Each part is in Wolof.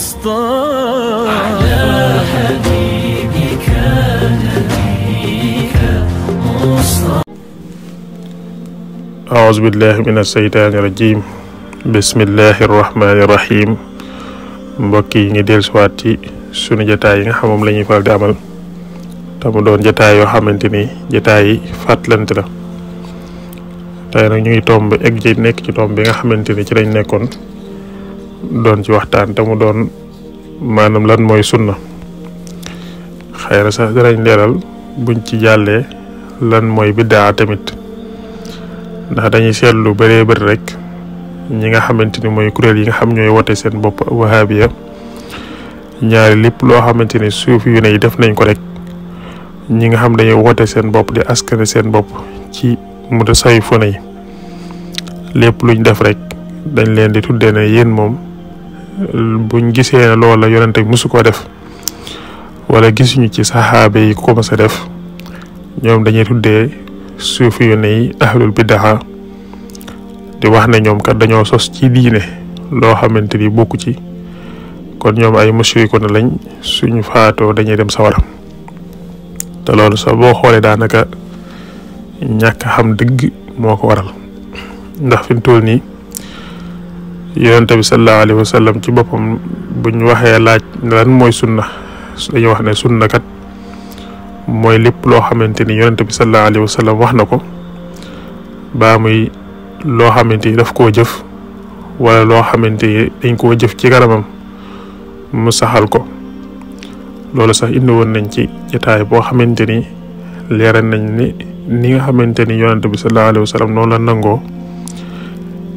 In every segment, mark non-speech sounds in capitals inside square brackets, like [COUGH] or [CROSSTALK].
الوسطى على حبيبك نبيك مصطفى أعوذ بالله من الشيطان الرجيم بسم الله الرحمن الرحيم mbokki ngi del suwat ci sunu jotaay yi nga xam mom lañuy faal di amal te mu doon jotaay yoo xamante jotaay yi fàttalante la ñu ngi tomb ci tomb bi nga ci lañ doon ci waxtaan te doon maanaam lan mooy sunna xëy na sax danañ leeral buñ ci jàllee lan mooy biddaa tamit ndax dañuy seet lu bëree bëri rek ñi nga xamante ni mooy kuréel yi nga xam ñooy wote seen bopp wahabiya ñaari lépp loo xamante ni suuf yu ne yi def nañ ko rek ñi nga xam dañuy wote seen bopp di askane seen bopp ci mutasawwifa yi lépp luñ def rek dañ leen di tuddee ne yéen moom buñ gisee loola yonente mosu koo def wala gisuñu ci saxaaba yi ko def ñoom dañuy tuddee suufi yu ne ahlul bidaa di wax ne ñoom kat dañoo sos ci diine loo xamante ni bokku ci kon ñoom ay mushrikoon lañ suñu faatoo dañuy dem sawara te loolu sax boo xoolee daanaka ñàkk xam dëgg moo ko waral ndax fi mu toll nii yonente bi sallallahu alayhi wa ci boppam buñ waxee laaj lan mooy sunna dañuy wax ne sunna kat mooy lépp loo xamante ni yonente bi sallallahu alayhi wa wax na ko baa muy loo xamante ni daf koo jëf wala loo xamante ni dañ koo jëf ci kanamam mu saxal ko loolu sax indi woon nañ ci jotaay boo xamante ni leeral nañ ni ni nga xamante ni yonente bi sallallahu alayhi wa sallam noonu la nangoo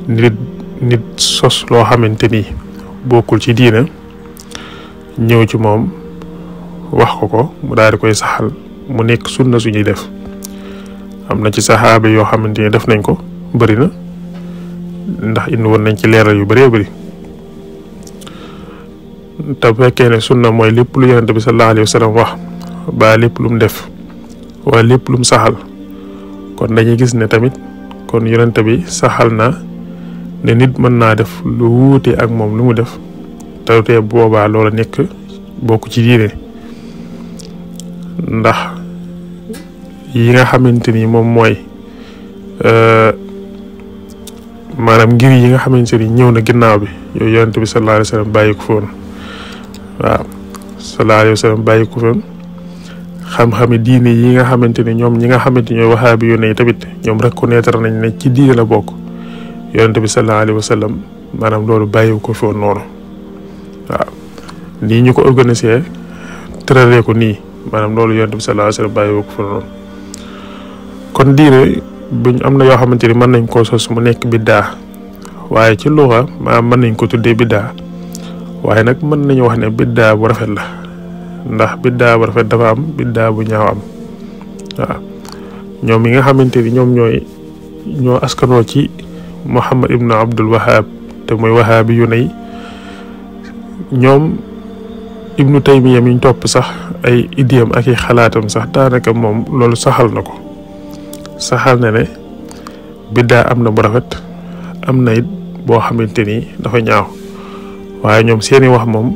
nit nit sos loo xamante ni bokkul ci diina ñëw ci moom wax ko ko mu daal di koy saxal mu nekk sunna suñuy def am na ci saxaaba yoo xamante ni def nañ ko bëri na ndax indi woon nañ ci leeral yu bëree bëri te fekkee ne sunna mooy lépp lu yonente bi sallallahu alayhi wa sallam lépp lu mu def wala lépp lu saxal kon dañuy gis ne tamit kon yonente bi saxal na ne nit mën naa def lu wuute ak moom lu mu def tawtee boobaa loola nekk bokk ci diine ndax yi nga xamante ni moom mooy euh, maanaam ngir yi nga xamante ni ñëw na ginnaaw bi yooyu yonent bi sallallahu alayhi wa sallam bàyyi ko foon bàyyi ko foon xam-xami diine yi nga xamante ni ñoom ñi nga xamante ni ñooy waxaabi yu ne tamit ñoom reconnaître nañ ne ci diine la bokk yonent bi sallallahu alayhi wa sallam maanaam loolu bàyyiwu ko fi woon noonu waaw nii ñu ko organisé tërëree ko nii maanaam loolu yonent bi sallallahu alayhi bàyyiwu ko fi noonu kon diine buñ am na yoo xamante ni mën nañ koo sos mu nekk biddaa waaye ci luxa maanaam mën nañ ko tuddee biddaa waaye nag mën nañu wax ne biddaa bu rafet la ndax biddaa bu rafet dafa am biddaa bu ñaaw am waaw ñoom yi nga xamante ñoom ñooy ñoo askanoo ci Muhammad ibnu Abdul Wahab te mooy wahaabi yu nay ñoom ibnu Taymiya mi ñu topp sax ay idiyam ak i xalaatam sax daanaka moom loolu saxal na ko saxal na ne biddaa am na bu rafet am na it boo xamante ni dafa ñaaw waaye ñoom seeni wax moom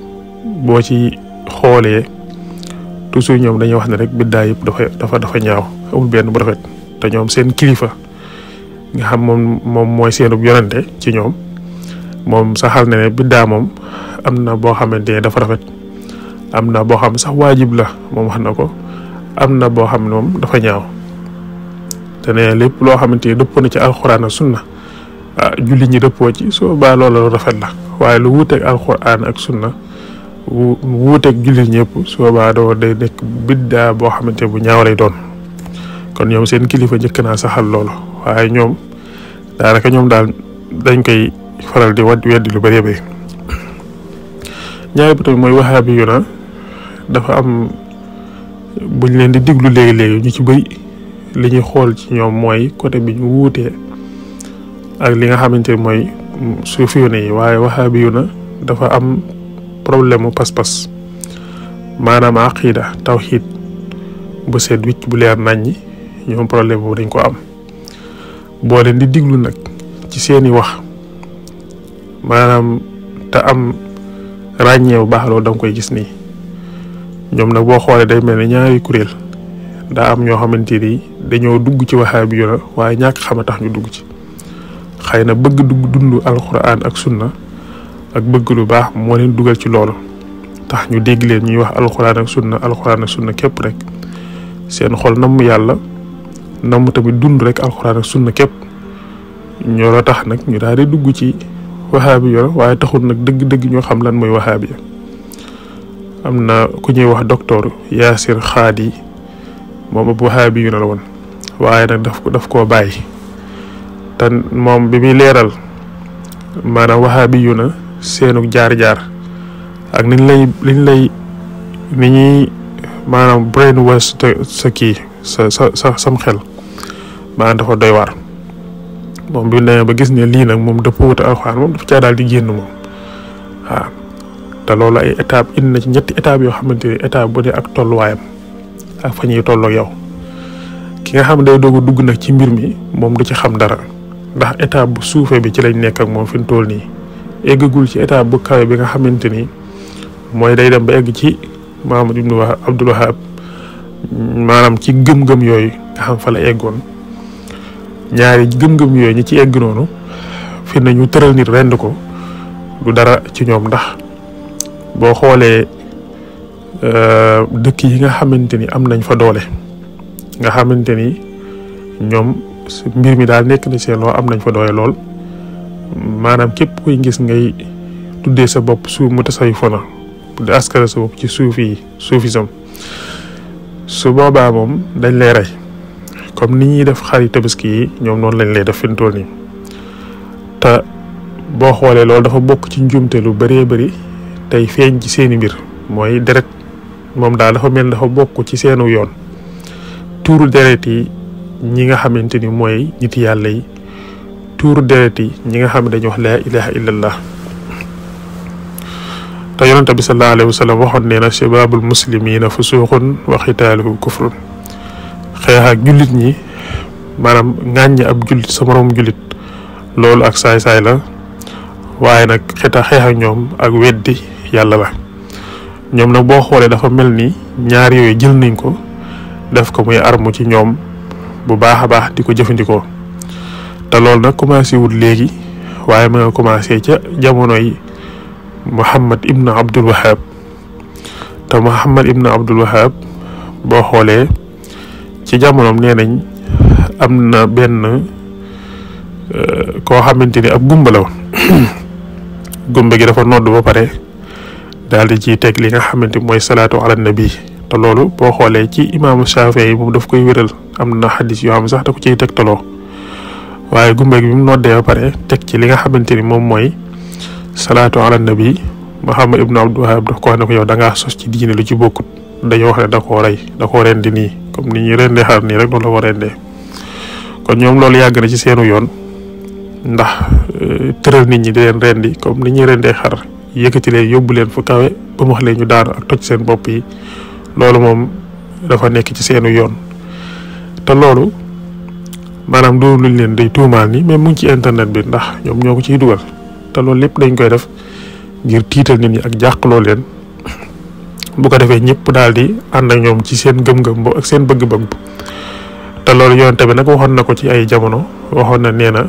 boo ci xoolee toujours ñoom dañuy wax ne rek biddaa yëpp dafa dafa dafa ñaaw amul benn bu rafet te ñoom seen kilifa. nga xam moom moom mooy seenub yonante ci ñoom moom saxal na ne biddaa moom am na boo xamante ne dafa rafet am na boo xam sax waajib la moom wax na ko am na boo xam moom dafa ñaaw te ne lépp loo xamante ni dëppoo na ci alxuraan ak sunna ah julli ci soo baa rafet la waaye lu wuuteeg alxuraan ak sunna wu wuuteeg jullit ñëpp soo baa doo day nekk biddaa boo xamante bu ñaaw lay doon kon ñoom seen kilifa njëkk naa saxal loolu waaye ñoom daanaka ñoom daal dañ koy faral di wad weddi lu bëree bëri ñaari bi tamit mooy waxaabi yu na dafa am buñ leen di diglu léegi-léegi ñu ci bëri li ñuy xool ci ñoom mooy côté bi ñu wuutee ak li nga xamante ne mooy suuf yu ne yi waaye waxaabi yu na dafa am problème mu pas-pas maanaam aqida tawxiid bu seet wicc bu nañ ñi ñoom problème boobu dañ ko am boo leen di diglu nag ci seeni wax maanaam te am ràññee bu baax loolu da koy gis nii ñoom nag boo xoolee day mel ne ñaari kuréel daa am ñoo xamante ni dañoo dugg ci waxaabi bi la waaye ñàkk xam a tax ñu dugg ci xëy na bëgg dugg dund alxuraan ak sunna ak bëgg lu baax moo leen dugal ci loolu tax ñu dégg leen ñuy wax alxuraan ak sunna alxuraan ak sunna képp rek seen xol namm yàlla namm tamit dund rek alxuraan ak sunna képp ñoo la tax nag ñu daal di dugg ci waxaabi yo waaye taxul nag dëgg-dëgg ñoo xam lan mooy waxaabi am na ku ñuy wax docteur Yaasir Xaadi moom ab waxaabi yu ne woon waaye nag daf ko daf koo bàyyi te moom bi muy leeral maanaam waxaabi yu na seenu jaar-jaar ak niñ lay liñ lay ni maanaam brainwash sa kii sa sa sa sam xel maanaam dafa doy war mom bi mu ba gis ne li nak mom depo wut alquran mom dafa caa daal di genn mom waaw ta loolu ay étape in na ci ñetti étape yo xamanteni étape bu di ak wayam ak fa ñuy tolloo yow ki nga xam day dogu a dugg nag ci mbir mi mom du ci xam dara ndax étape bu soufé bi ci lañ nekk ak mom fiñ toll ni eggul ci étape bu kawé bi nga xamanteni moy day dem ba egg ci mamadou ibnu Abdul Wahab maanaam ci gëm-gëm yooyu nga xam fa la eggoon ñaari gëm-gëm yooyu ñi ci egg noonu fi na ñu tëral nit rend ko du dara ci ñoom ndax boo xoolee euh, dëkk yi nga xamante ni am nañ fa doole nga xamante ni ñoom mbir mi daal nekk na seen loo am nañ fa doole lool maanaam képp koy gis ngay tuddee sa bopp suuf mu tasayu fona di askara sa bopp ci suufi suufisam su boobaa moom dañ lay rey comme ni ñuy def xari tabaski yi ñoom noonu lañ lay def fi mu nii te boo xoolee loolu dafa bokk ci njuumte lu bëree bari tey feeñ ci seeni mbir mooy deret moom daal dafa mel dafa bokk ci seenu yoon tuuru deret yi ñi nga xamante ni mooy nit yàlla yi tuuru deret yi ñi nga xam ne dañuy wax laa ilaha illallah te yonente bi sallallahu alayhi wa sallam waxoon nee na shabaabul muslimina fusuuqun wa xitaaluhum kufrun xeex ak jullit ñi maanaam ŋàññi ab jullit sa moroom jullit loolu ak saay-saay la waaye nag xita ak ñoom ak weddi yàlla la ñoom nag boo xoolee dafa mel ni ñaar yooyu jël nañ ko def ko muy armu ci ñoom bu baax a baax di ko jëfandikoo te loolu nag commencé wut léegi waaye ma nga commencé ca jamono yi Muhammad ibn Abdul Wahab te Muhammad ibn Abdul Wahab boo xoolee ci jamonoom nee nañ am na benn koo xamante ni ab gumba la [COUGHS] gumba gi dafa nodd ba pare daal di ciy teg li nga xamante mooy salaatu ala nabi te loolu boo xoolee ci imaamu Shafii yi moom daf koy wéral am na sax da ko ciy tegtaloo waaye gumba gi bi mu noddee ba pare teg ci li nga xamante ni moom mooy. salatu ala nabi Muhammad ibnu Abdul Wahab da ko nako yow da nga sos ci diine lu ci bokkut dañoo wax ne da ko ray da ko rendi ni comme ni ñi rendi xar ni rek noonu la ko rendé kon ñom lolu yag na ci seenu yoon ndax euh, nit ñi di len rendi comme ni ñi rendee xar yëkëti le yobul len fu kawé bu mu wax le ñu daar ak toj seen bop yi loolu moom dafa nekk ci seenu yoon te lolu manam du luñ len day tuumal ni mais mu ngi ci internet bi ndax ñom ñoko ci duggal te loolu lépp dañ koy def ngir tiital nit ñi ak jàqloo leen bu ko defee ñëpp dal di ànd ñoom ci seen gëm-gëm bo ak seen bëgg-bëgg te loolu yoon tamit nag waxoon na ko ci ay jamono waxoon na nee na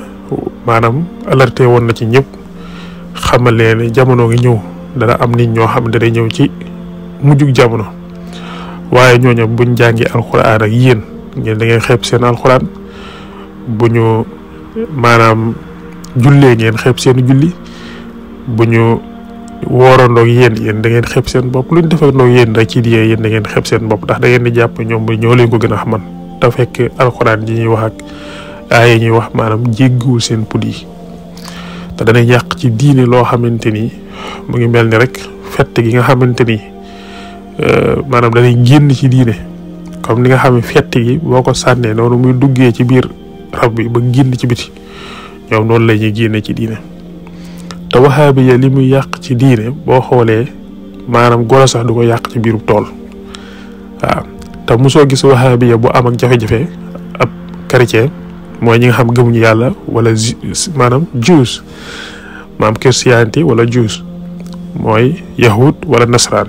maanaam alerté woon na ci ñépp xamal leen ne jamono ngi ñëw dana am nit ñoo xam ne day ñëw ci mujjug jamono waaye ñooñu buñ jàngi alxuraan ak yéen ngeen da ngeen seen alxuraan bu maanaam jullee ngeen xeeb seen julli bu ñu woorandoog yéen yéen da ngeen xeeb seen bopp lu ñu defandoog yéen rek ci diye yéen da ngeen seen bopp ndax da ngeen di jàpp ñoom ñoo leen ko gën a xaman te fekk alxuraan ji ñuy wax ak aaya ñuy wax maanaam jéggiwul seen pud yi te ci diine loo xamante ni mu ngi mel ni rek fett gi nga xamante ni euh, maanaam danay génn ci diine comme ni nga xam ne fett gi boo ko sànnee noonu muy duggee ci biir rab bi ba génn ci biti ñoom loolu la ñuy génne ci diine te waxaabiya li muy yàq ci diine boo xoolee maanaam golo sax du ko yàq ci biiru tool waaw te mosoo gis waxaabiya bu am ak jafe-jafe ab chrétien mooy ñi nga xam gëmuñu yàlla wala maanaam juus maam christianité wala juus mooy yahud wala nasraan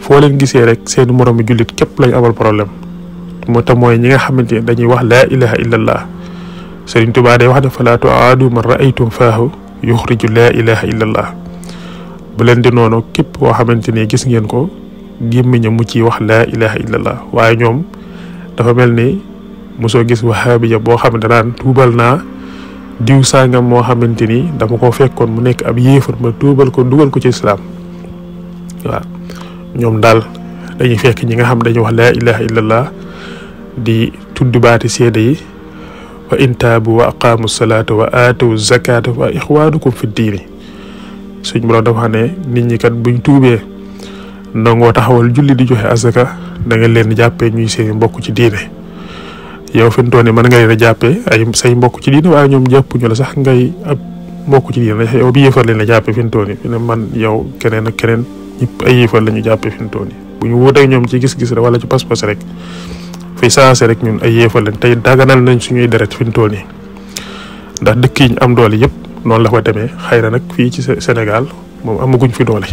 foo leen gisee rek seen moroomi jullit képp lañ amal problème moo tax mooy ñi nga xamante ne dañuy wax laa ilaha illallah Sëriñ Tuubaa day wax ne falaa tuaadu man raaytum faahu yuxriju laa ilaha illa allah noonu képp koo xamante ni gis ngeen ko gémmiña mu ciy wax laa ilaha illa allah waaye ñoom dafa mel ni mosoo gis wahaabiya boo xam ne daan tuubal na diw sàngam moo xamante ni dama ko fekkoon mu nekk ab yéefar ma tuubal ko dugal ko ci islaam waaw ñoom daal dañuy fekk ñi nga xam dañuy wax laa ilaha illallah di tudd baati seede yi wa in taabu wa aqaamu salaata wa aatu zakaata wa ixwaanukum fi diini suñ borom dafa ne nit ñi kat buñ tuubee nangoo taxawal julli di joxe asaka da nga leen jàppee ñuy seen mbokk ci diine yow fi mu toll nii mën nga leen a jàppee ay mbokk ci diine waaye ñoom jàppuñu la sax ngay ab mbokk ci diine yow bi yëfar leen a jàppee fi mu toll man yow keneen ak keneen ñëpp la ñu jàppee fi mu toll nii bu ñu wuuteeg ñoom ci gis-gis rek wala ci pas-pas rek fay saase rek ñun ay yéefal lañ tey daganal nañ suñuy deret fi mu toll nii ndax dëkk yi am doole yëpp noonu la ko demee xëy na nag fii ci senegal moom amaguñ fi doole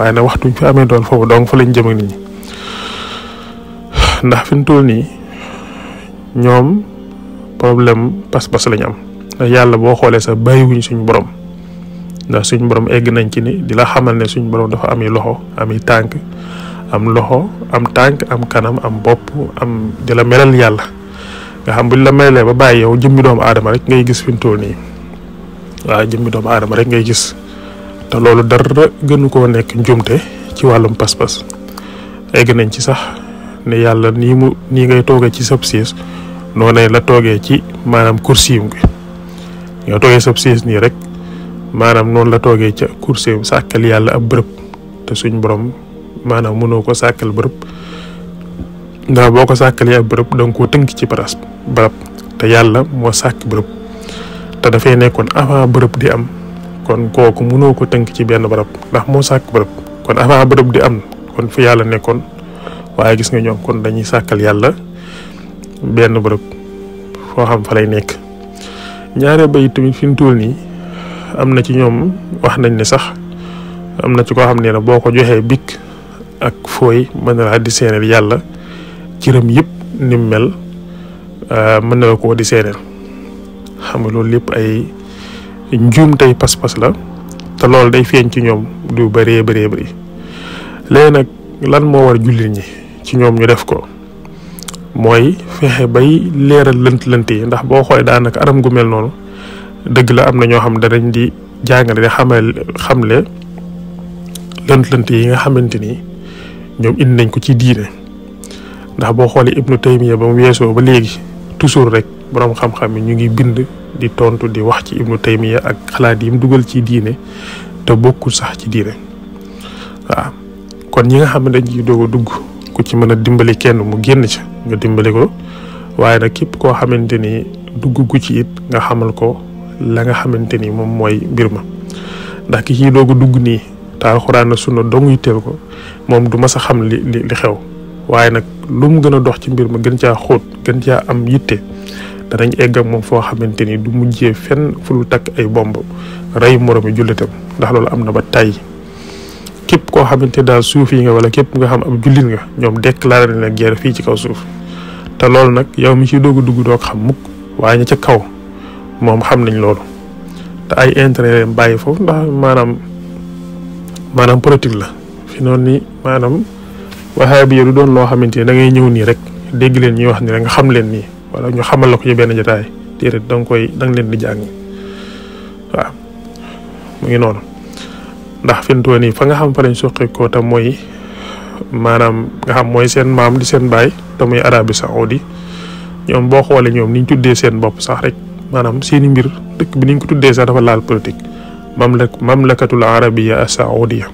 waaye nag waxtuñ fi amee doole foofu donc fa lañ jëm ak ndax fi mu toll nii ñoom problème pas-pas lañ am yàlla boo xoolee sax bàyyiwuñ suñu borom ndax suñu borom egg nañ ci ni di la xamal ne suñu borom dafa ami loxo ami tànk. am loxo am tànk am kanam am bopp am di la melal yàlla nga xam buñ la melalee ba bàyyi yow jëmmi doomu aadama rek ngay gis fi mu toll nii waaw jëmmi doomu aadama rek ngay gis te loolu dara gënu koo nekk njumte ci wàllum pas-pas egg nañ ci sax ne yàlla nii mu nii ngay toogee ci sab siis noonu la toogee ci maanaam kursiyum gi nga toogee sab nii rek maanaam noonu la toogee ca kursiyum sàkkal yàlla ab bërëb te suñ borom maanaam mënoo ko sàkkal bërëb ndax boo ko sàkkalee ab bërëb danga koo tënk ci barab barab te yàlla moo sàkk bërëb te dafay nekkoon avant bërëb di am kon kooku mënoo ko tënk ci benn barab ndax moo sàkk bërëb kon avant bërëb di am kon fi yàlla nekkoon waaye gis nga ñoom kon dañuy sàkkal yàlla benn bërëb foo xam fa lay nekk ñaare bay tamit fi mu nii am na ci ñoom wax nañ ne sax am na ci koo xam ne boo ko joxee bik ak fooy mën na laa di seeneel yàlla cëram yëpp ni mu mel euh, mën na la koo di seeneel xam nga loolu lépp ay njuum tey pas-pas la te loolu day feeñ ci ñoom du bëree bëree bëri léegi nag lan moo war jullit ñi ci ñoom ñu def ko mooy fexe bay leeral lënt-lënt yi ndax boo xoolee daanaka anam gu mel noonu dëgg la am na ñoo xam danañ di jàngale di xamal xamle lënt-lënt yi nga xamante ñoom indi nañ ko ci diine ndax boo xoolee ibnu taymiya ba mu weesoo ba léegi toujours rek boroom xam-xam yi ñu ngi bind di tontu di wax ci ibnu taymiya ak xalaat yi mu dugal ci diine te bokkul sax ci diine waaw kon ñi nga xam dañ dañuy doog dugg ku ci mën a dimbali kenn mu génn ci nga dimbali ko waaye nag képp koo xamante ni dugg ci it nga xamal ko la nga xamante ni moom mooy mbir ma ndax ki ciy doog dugg nii. te alxuraan na sunna dong yitteel ko moom du mas a xam li li li xew waaye nag lu mu gën a dox ci mbir ma gën caa gën caa am yitte danañ egg ak moom foo xamante ni du mujjee fenn fu takk ay bomb rey moromi jullitam ndax loolu am na ba tay képp koo xamante daal suuf yi nga wala képp nga xam ab jullit nga ñoom déclaré na la fii ci kaw suuf te loolu nag yow mi ciy doog a dugg doog xam mukk waaye ña ca kaw moom xam nañ loolu te ay intérêt bàyyi foofu ndax maanaam maanaam politique la fi noonu ni maanaam wahaabiya du doon loo xamante ne dangay ñëw nii rek dégg leen ñuy wax ni rek nga xam leen nii wala ñu xamal la ko ci benn jotaay téere da nga koy da leen di jàng waaw mu ngi noonu ndax fin mu nii fa nga xam fa lañ soqeekoo te mooy maanaam nga xam mooy seen maam di seen baay te muy Arabie Saoudi ñoom boo xoolee ñoom ni ñu tuddee seen bopp sax rek maanaam seeni mbir dëkk bi ni ko tuddee sax dafa laal politique. mamlak mamlakatul arabiya saoudia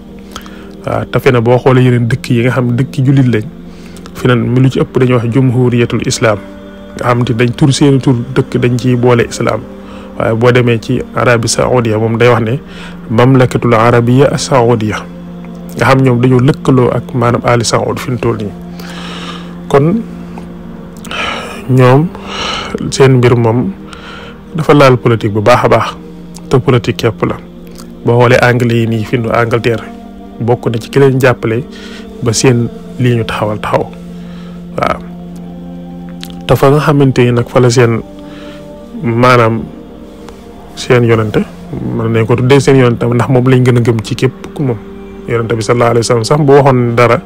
waaw te fi ne boo xoolee yeneen dëkk yi nga xam dëkk jullit lañ fi nan lu ci ëpp dañuy wax jumhuriyatul islam nga xam te dañ tur seeni tur dëkk dañ ciy boole islam waaye boo demee ci arabi saoudia moom day wax ne mamlakatul arabiya saoudia nga xam ñoom dañoo lëkkaloo ak maanaam ali saoud fi mu toll nii kon ñoom seen mbir moom dafa laal politique bu baax a baax te politique yëpp la boo xoolee anglais yi nii fi mu Angleterre bokk na ci ki leen jàppale ba seen lii ñu taxawal taxaw waaw te nga xamante ni nag fa seen maanaam seen yonante mën nañ ko tuddee seen yonante ndax moom lañ gën a gëm ci képp ku moom yonante bi sallallahu alayhi wa sax boo waxoon dara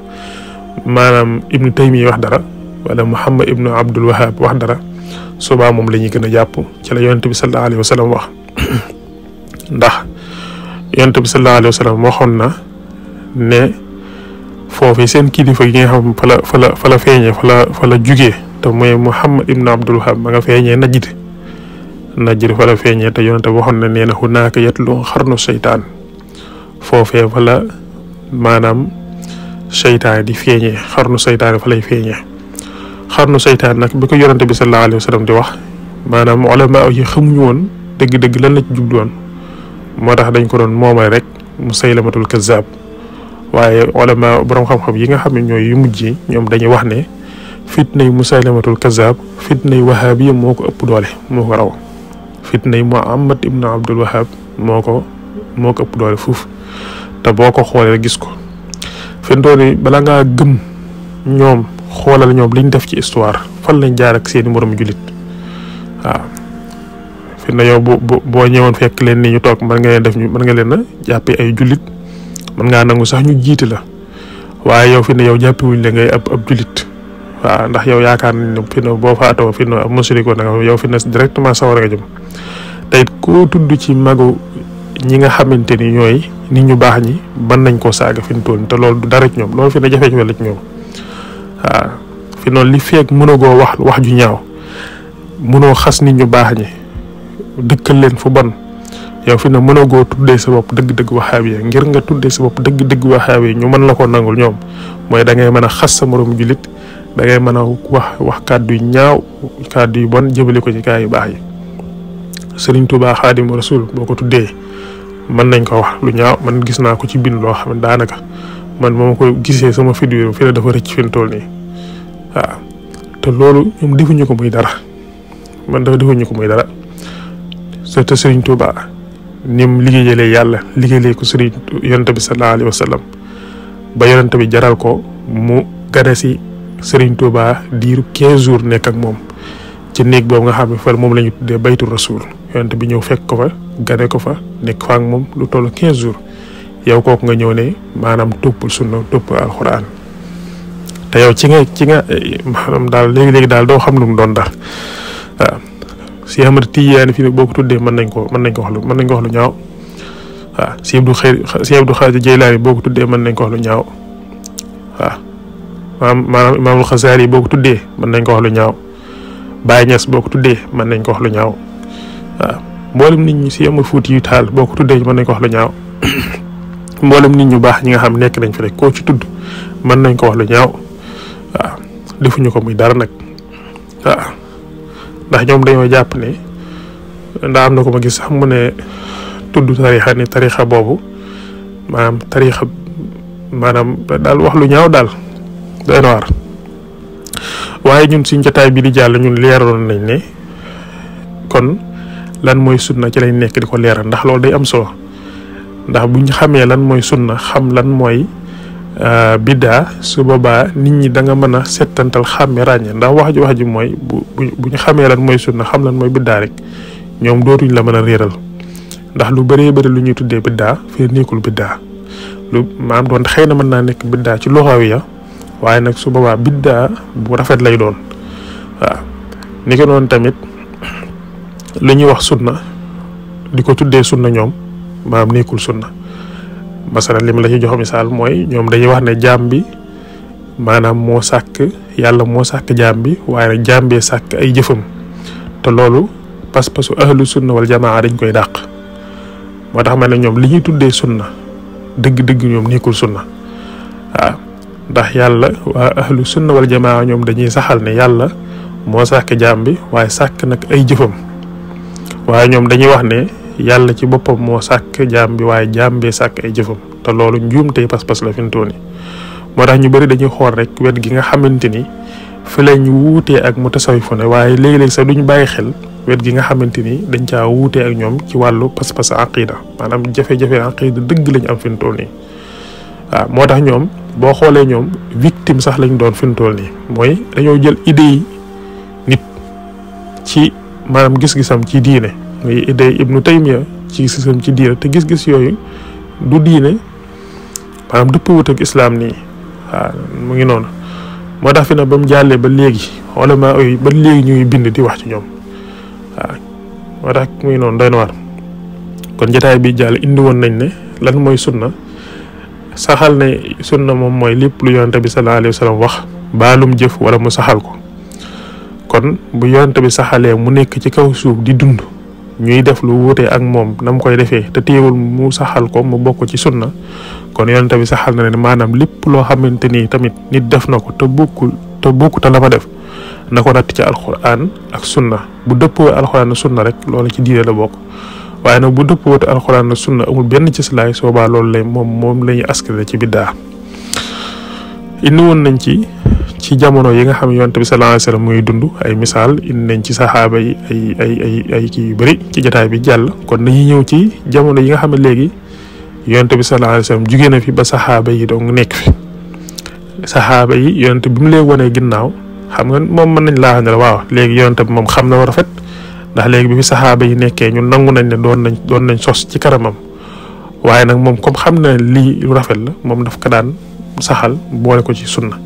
maanaam ibnu taymi wax dara wala muhammad ibnu abdul wahab wax dara subaa moom la ñuy gën a jàpp ci la yonante bi sallallahu alayhi wa sallam wax [COUGHS] ndax yonent bi sallallahu alayhi waxoon na ne foofu seen kilifa gi fa la fa fala fa fala feeñee fa la fa la jugee te mooy Muhammad ibnu Abdul ma nga feeñee Najd Najd fa la feeñee te waxoon na nee na hunaaka yatlu xarnu seytaan foofee fa maanaam seytaan di feeñee xarnu seytaan fa lay feeñee xarnu seytaan nag bi ko bi sallallahu alayhi wa sallam wax maanaam ulama yi xamuñu woon dëgg-dëgg lan la ci jublu moo tax dañ ko doon moomale rek mu Musaylamatul Kazzab waaye ulama borom xam-xam yi nga xam ne ñooy yu mujj yi ñoom dañuy wax ne mu fitnay Musaylamatul Kazzab fitnay Wahaabiya moo ko ëpp doole moo ko raw fitnay Muhammad ibnu Abdul Wahab moo ko moo ko ëpp doole fuuf te boo ko xoolee gis ko fentooni bala ngaa gëm ñoom xoolal ñoom liñ def ci histoire fan lañ jaar ak seeni moromu jullit waaw fi na yow bo bo ñewon fekk leen ni ñu tok man nga leen def ñu man nga leen jappé ay julit man nga nangu sax ñu jité la waye yow fi na yow jappé wuñ la ngay ab ab julit wa ndax yow yaakaar ni fi na bo faato fi na musriko na yow fi na directement sawara nga jëm tayit ko tuddu ci magu ñi nga xamanteni ñoy ni ñu bax ñi ban nañ ko saga fi ton te lool du dara ci ñom lool fi na jafé ci wala ci ñom wa fi non li fek mëno go wax wax ju ñaaw mëno xass ni ñu bax ñi dëkkal leen fu bon yow fi ne mënagoo tuddee sa bopp dëgg-dëgg waxaabiya ngir nga tuddee sa bopp dëgg-dëgg waxaabiya ñu mën la ko nangul ñoom mooy da ngay mën a xas sa morom jullit da ngay mën a wax wax kàddu yu ñaaw kàddu yu bon jëmale ko ci gaa yu baax yi. Sëriñ Tuubaa Xaadimu Rasuul boo ko tuddee mën nañ ko wax lu ñaaw man gis naa ko ci bind xam daanaka man ba ma ko gisee sama fidu fi ne dafa rëcc fi mu toll nii waaw te loolu ñoom defuñu ko muy dara man dafa defuñu ko muy dara. surtout Serigne Touba ni mu liggéeyalee yàlla liggéeyalee ko Serigne yonent bi sallallahu alayhi ba yonent bi jaral ko mu gane si Serigne Touba diiru 15 jours nekk ak moom ci néeg boobu nga xam ne fa moom la ñu tuddee baytu rasul yonent bi ñëw fekk ko fa gane ko fa nekk ak lu toll 15 jours yow kooku nga ñëw ne maanaam tupp sunna toppul alxuraan te yow ci nga ci nga eh, maanaam daal léegi-léegi daal doo xam lu doon daal Cheikh Ahmad Tidiane fii nag boo ko tuddee mën nañ ko mën nañ ko wax lu mën nañ ko wax lu ñaaw waaw Cheikh Abdou Xayr Cheikh Abdou Xaadir Jeylaani boo ko tuddee mën nañ ko wax lu ñaaw waaw maanaam maanaam Imaamul Xasaali boo ko tuddee mën nañ ko wax lu ñaaw Baye Niass boo tuddee mën nañ ko wax lu ñaaw waaw mboolem nit ñi Cheikh Omar Fuuti yu Taal tuddee mën nañ ko wax lu ñaaw [COUGHS] mboolem nit ñu baax ñi nga xam nekk nañ fi rek koo ci tudd mën nañ ko wax lu ñaaw waaw defuñu ko muy dara nag waaw. ndax ñoom dañoo jàpp ne ndaa am na ko ma gis sax mu ne tudd tarixa ni tarixa boobu maanaam tarixa maanaam daal wax lu ñaaw daal doy na waaye ñun suñ jotaay bi di jàll ñun leeraloon nañ ne kon lan mooy na ci lañ nekk di ko leeral ndax loolu day am solo ndax bu xamee lan mooy na xam lan mooy Euh, bida su boba nit ñi da nga mëna sétantal xamé rañ ndax wax ju wax ju moy bu ñu xamé lan moy sunna xam lan moy bida rek ñom dootuñ la mëna réral ndax lu bëree bëri lu ñuy tuddé bida fi nekul bida lu maam doon xeyna mëna nek bida nekk biddaa ci loxaw ya waye nak su boba bida bu rafet lay doon wa ni ko non tamit lu ñuy wax sunna diko tuddé sunna ñom maam nekul sunna masala lim la ci jox misaal mooy ñoom dañuy wax ne jaam bi maanaam moo sàkk yàlla moo sàkk jaam bi waaye nag jaam bee sàkk ay jëfam te loolu pas-pasu ahlu sunna wal jamaa dañ koy dàq moo tax ma ne ñoom li ñuy tuddee sunna dëgg-dëgg ñoom nekkul sunna waaw ndax yàlla waa ahlu wal jamaa ñoom dañuy saxal ne yàlla moo sàkk jaam bi waaye sàkk nag ay jëfam waaye ñoom dañuy wax ne yàlla ci boppam moo sàkk jaam bi waaye jaam bee sàkk ay jëfam te loolu njuumtey pas-pas la fi mu toll nii moo tax ñu bëri dañuy xool rek wet gi nga xamante ni fi la ñu wuutee ak mu tasawifu ne waaye léeg-léeg sax duñu bàyyi xel wet gi nga xamante ni dañ caa wuutee ak ñoom ci wàllu pas-pas aqida maanaam jafe-jafe aqida dëgg lañ am fi mu toll nii waaw moo tax ñoom boo xoolee ñoom victime sax lañ doon fi mu toll nii mooy dañoo jël idée nit ci maanaam gis-gisam ci diine muy idée ibnu taymiya ci système ci diine te gis-gis yooyu du diine maanaam dëppwut ak islaam nii waaw mu ngi noonu moo tax fi nag ba mu jàllee ba léegi ulama yi ba léegi ñu ngi bind di wax ci ñoom waaw moo tax mu ngi noonu doy na war kon jotaay bi jàll indi woon nañ ne lan mooy sunna saxal ne sunna moom mooy lépp lu yonante bi sallallahu alayhi wa wax baalum jëf wala mu saxal ko kon bu yonante bi saxalee mu nekk ci kaw suuf di dund ñuy def lu wuute ak moom na koy defee te téyewul mu saxal ko mu bokk ci sunna kon yonent bi saxal na ne maanaam lépp loo xamante ni tamit nit def na ko te bokkul te bokkut la ma def na ko natt ci alxuraan ak sunna bu dëppoo alxuraan ak sunna rek loola ci diine la bokk. waaye nag bu dëppoote alxuraan ak sunna amul benn ci silaay soobaa loolu lay moom moom la ñuy askale ci biddaa indi woon nañ ci. ci jamono yi nga xam yonent bi sallallahu alayhi wasallam muy dund ay misaal indi nañ ci saxaaba yi ay ay ay ay kii yu ci jataay bi jàll kon dañuy ñëw ci jamono yi nga xam ne léegi yonent bi sallallahu alayhi wasallam jugee na ba saxaaba yi dong nekk fi saxaaba yi yonent bi mu leen ginnaaw xam nga moom mën nañ laaxal ne la waaw léegi yonent bi moom xam na war rafet ndax léegi bi saxaaba yi nekkee ñun nangu nañ ne doon nañ doon nañ sos ci kanamam waaye nag moom comme xam na lii lu rafet la moom daf ko daan saxal boole ko ci sunna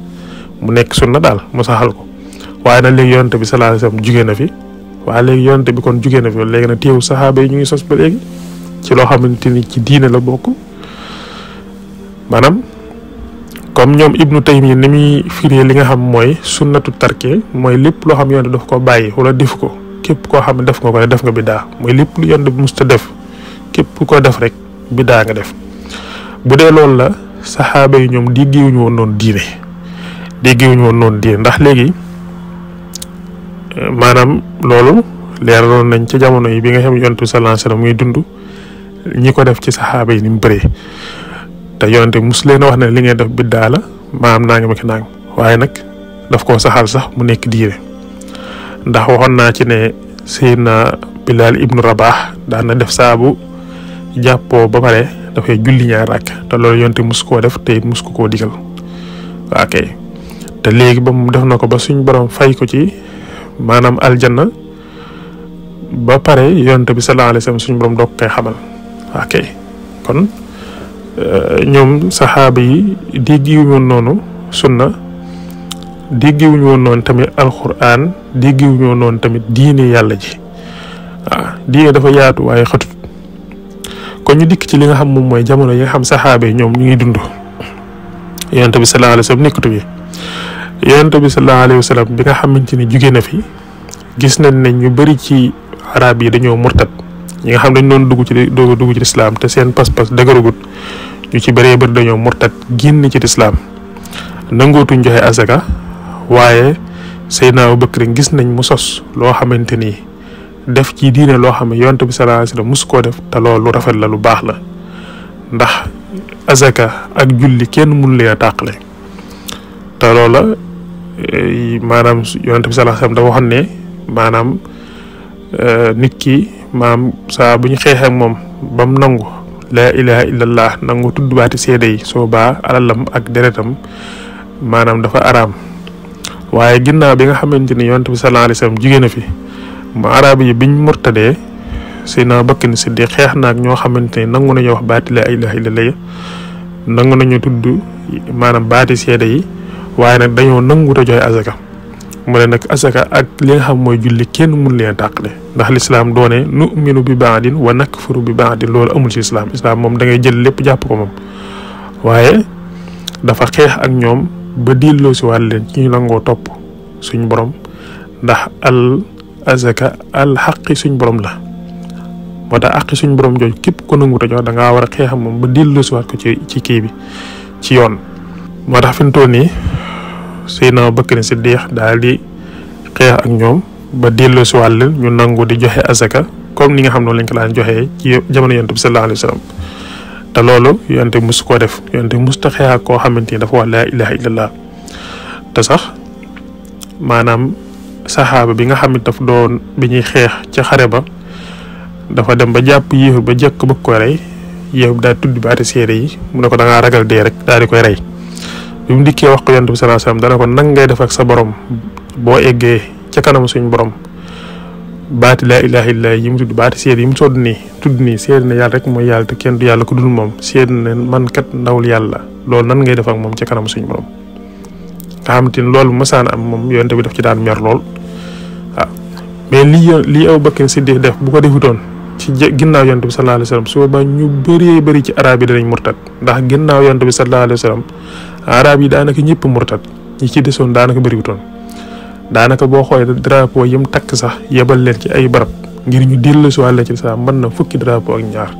mu nekk sunna daal mu saxal ko waaye nag léegi yonte bi sallallahu alayhi wasallam jugee na fi waaye léegi yonte bi kon jugee na fi léegi na téewu saxaaba yi ñu ngi sos ba léegi ci loo xamante ni ci diine la bokk maanaam comme ñoom ibnu taymi ni muy firee li nga xam mooy sunnatu tarke mooy lépp loo xam yonte daf ko bàyyi wala def ko képp koo xam ne def nga ko def nga bidaa mooy lépp lu yonte bi musta def képp ku ko def rek bidaa nga def bu dee loolu la saxaaba yi ñoom diggiwuñu woon noonu diine déggewuñu woon noonu diine ndax léegi euh, maanaam loolu leeraloon nañ ci jamono yi bi nga xam yonent bi sallallahu alayhi wasallam muy dund ñi ko def ci saxaaba yi ni mu bëree te yonent mus leen a wax ne li ngeen def biddaa maam naa ngi ma ki naa waaye nag def koo saxal sax mu nekk diine ndax waxoon naa ci ne Seydina Bilal ibnu Rabah daan na def saabu jàppoo ba pare dafay julli ñaar ak te loolu yonent mus koo def te it ko koo digal ok léegi ba mu def na ko ba suñ borom fay ko ci maanaam aljana ba pare yonent bi sallallahu alayhi wasallam suñu borom doog koy xamal ok kon euh, ñoom saxaaba yi déggiwuñ woon noonu sunna déggiwuñ woon noonu tamit alquran déggiwuñ woon noonu tamit diine yàlla ji waaw ah, diine dafa yaatu waaye xatut kon ñu dikk ci li nga xam moom mooy jamono yi xam saxaaba yi ñoom ñu ngi dund yonent bi sallallahu alayhi wasallam nekkatu bi yonent bi sallallahu alayhi wasallam bi nga xamanteni jugge na fi gis nañ ne ñu bari ci arab yi dañoo murtat yi nga xam dañ doon dugg ci doog dugg ci islam te seen pas-pas degeerugut ñu ci bari bari dañoo murtat gin ci islam nangootu joxe azaka, waaye seydna abubakar gis nañ mu sos loo xamanteni def ci diine loo xam ne yonte bi salaa sallam mus koo def te loolu lu rafet la lu baax la ndax azaka ak julli kenn mun leen te loola Eh, maanaam yonent bi sallallahu alayhi wasallam dafa waxoon ne maanaam eh, nit ki maam saa bu ñu xeexee moom ba mu nangu laa ilaha illallah nangu tudd baati seede yi soo baa alalam ak deretam maanaam dafa araam waaye ginnaaw bi nga xamante ni yonent bi sallallahu alayhi wasallam jigéen a fi mu araab yi biñ murtadee Seydina Bakar Siddiq xeex na ak ñoo xamante ni nangu nañu wax baati laa ilaha illallah nangu nañu tudd maanaam baati seede yi. waaye nag dañoo nanguut a joxe azaka ne nag azaka ak li nga xam mooy julli kenn mun leen tàqale ndax lislaam doone nu'minu bi baax baadin wa nakfuru bi baax baadin loolu amul ci islaam islaam moom dangay jël lépp jàpp ko moom waaye dafa xeex ak ñoom ba delloo si leen ci ñu nangoo topp suñ borom ndax al azaka al xaqi suñ borom la moo tax àqi suñ borom jooju képp ko nangu ta jox da ngaa war a xeex moom ba delloo si waat ko ci ci kii bi ci yoon moo tax fi mu Seydina Bakrin Siddiq daal di xeex ak ñoom ba delloo si wàll ñu nangu di joxe asaka comme ni nga xam noonu lañ ko daan joxee ci jamono yonent bi sallallahu alayhi wa sallam te loolu yonent bi mos koo def yonent mus mosut xeex ak koo xamante ni dafa wax laa ilaha illallah te sax maanaam saxaaba bi nga xam ne daf doon bi ñuy xeex ca xare ba dafa dem ba jàpp yéefar ba jëkk bëgg ko rey yéefar bi daal tudd baati séere yi mun ne ko da ngaa ragal dee rek daal di koy rey. bi mu dikkee wax ko yonent bu sallallahu alayhi wasallam dana ko nan ngay def sa borom boo eggee ca kanam suñ borom baati laa ilaha illa yi mu tudd baati seede yi mu sodd nii tudd nii seede ne yal rek mooy yàlla te kenn du yàlla ku dul moom seede ne man kat ndawul yàlla lool nan ngay def ak moom ca kanam suñ borom nga xam te ne loolu masaan am moom yonent bi daf ci daan mer lool waaw mais li li Abu Bakr Siddiq def bu ko defutoon ci ginnaw yantu bi sallallahu alaihi wasallam suba boobaa ñu bari bari ci arab yi murtad murtad. ndax ginnaw yantu bi sallallahu alaihi wasallam arab yi daanaka ñëpp murtat ñi ci desoon daanaka da daanaka bo xoy drapo yim tak sax yebal leen ci ay barab ngir ñu dellu su wala ci lislaam man na fukki drapo ak ñaar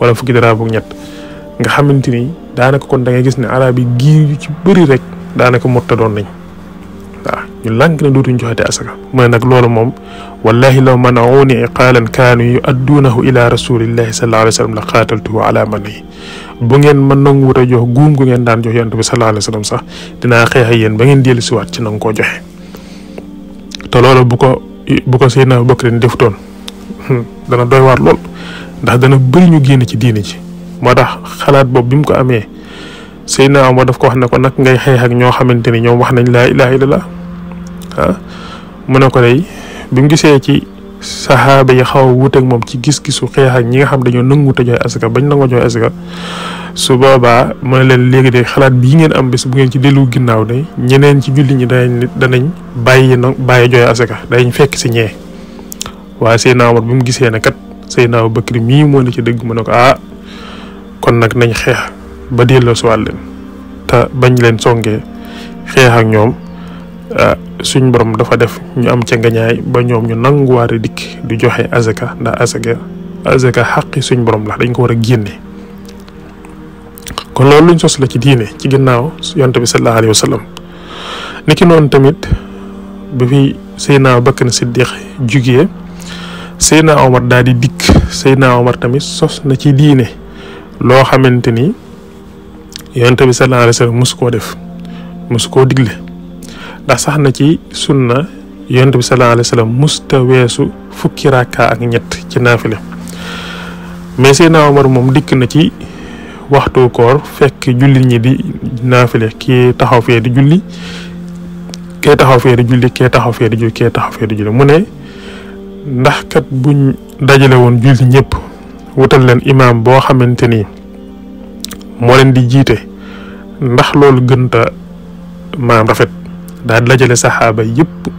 wala fukki drapo ak ñet nga xamanteni ni kon da ngay gis ni arab yi ci bari rek daanaka murtadon nañ ñu lànk ne dootuñ joxate asaka mu ne nag loolu moom wallahi law manauni iqalan kaanu yuadduunahu ila rasulillahi sallallahu alayhi wasallam la qaataltuhu ala mani bu ngeen ma nanguwut a jox guum gu ngeen daan jox yonte bi sallallahu alayhi wasallam sax dinaa xeex ak yéen ba ngeen dellu siwaat ci nangu koo joxe te loolu bu ko bu ko Seydina Bakrin defutoon dana doy waar lool ndax dana bëri ñu génn ci diini ji moo tax xalaat boobu bi mu ko amee Seydina Omar daf ko wax ne ko nag ngay xeex ak ñoo xamante ni ñoom wax nañ laa ilaha illallah ah mu ne ko day bi mu gisee ci saxaaba yi xaw a wuuteeg moom ci gis-gisu xeex ak ñi nga xam dañoo nangu te joxe asaka bañ nangoo joxe asaka su boobaa mu ne leen léegi de xalaat bii ngeen am bis bu ngeen ci dellu ginnaaw de ñeneen ci julli ñi danañ danañ bàyyi na bàyyi joxe asaka danañ fekk si ñee waaye Seydina Omar bi mu gisee ne kat Seydina Bakri mii moo ne ci dëgg mu a ko ah kon nag nañ xeex ba delloo si waat leen te bañ leen songee xeex ak ñoom. Ah, suñ borom dafa def ñu am ca ngañaay ba ñoom ñu nanguwaare dikk di joxe azaka ndax azaka azaka xaqi suñ borom la dañ ko war a génne kon loolu luñ sos la ci diine ci ginnaaw yonte bi sallallahu alayhi wa sallam niki noonu tamit bi fi Seydina Bakar Siddiq jugee Seydina Omar daal di dikk Seydina tamit na ci diine loo xamante ni yonte bi sallallahu alayhi wa koo def mosu koo digle ndax sax na ci sunna yonte bi sallallahu alayhi wasallam musta wesu fukki raka ak ñet ci nafile mais sayna omar mom dik na ci waxtu koor fekk julli ñi di nafile ki taxaw fee di julli ke taxaw fee di julli ke taxaw fee di julli ke taxaw fee di julli mu ne ndax kat buñ dajale won julli ñepp wutal len imam bo xamanteni mo len di jité ndax lolou gënta maam rafet daa dajale saxaaba yëpp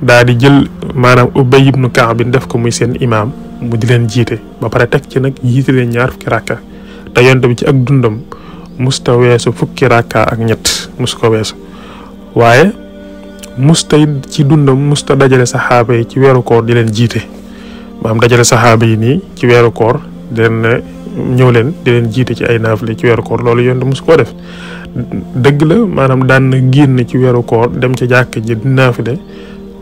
daa di jël maanaam Ubay ibnu Kaab bin def ko muy seen imaam mu di leen jiite ba pare teg ci nag jiite leen ñaar fukki rakka te yonent bi ci ak dundam musta weesu fukki rakka ak ñett mus ko weesu waaye musta ci dundam musta dajale saxaaba yi ci weeru koor di leen jiite maam dajale saxaaba yi nii ci weeru koor di leen ñëw leen di leen jiite ci ay le ci weeru koor loolu yonent mus koo def dëgg la maanaam daan na génn ci weeru koor dem ca jàkk ji di naafile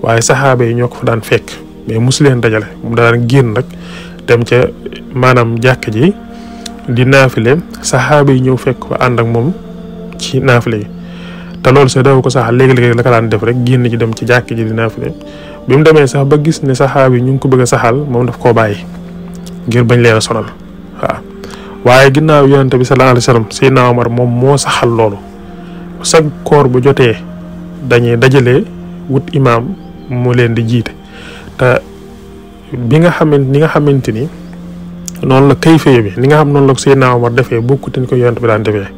waaye saxaaba yi ñoo ko fa daan fekk mais mosu leen dajale mu daan génn nag dem ca maanaam jàkk ji di naafile saxaaba yi ñëw fekk ko ànd ak moom ci naafile yi te loolu sax daw ko sax léegi-léegi la ko daan def rek génn ci dem ci jàkk ji di naafile bi mu demee sax ba gis ne saxaaba yi ñu ngi ko bëgg saxaal moom daf koo bàyyi ngir bañ leen a sonal waaw waaye ginnaaw yonente bi sallallahu alayhi wasallam Seydina moom moo saxal loolu sag koor bu jotee dañuy dajale wut imaam mu leen di jiite te bi nga xamante ni nga xamante ni noonu la kayfee bi ni nga xam noonu la ko Seydina Omar defee bokkut ni ko bi daan defee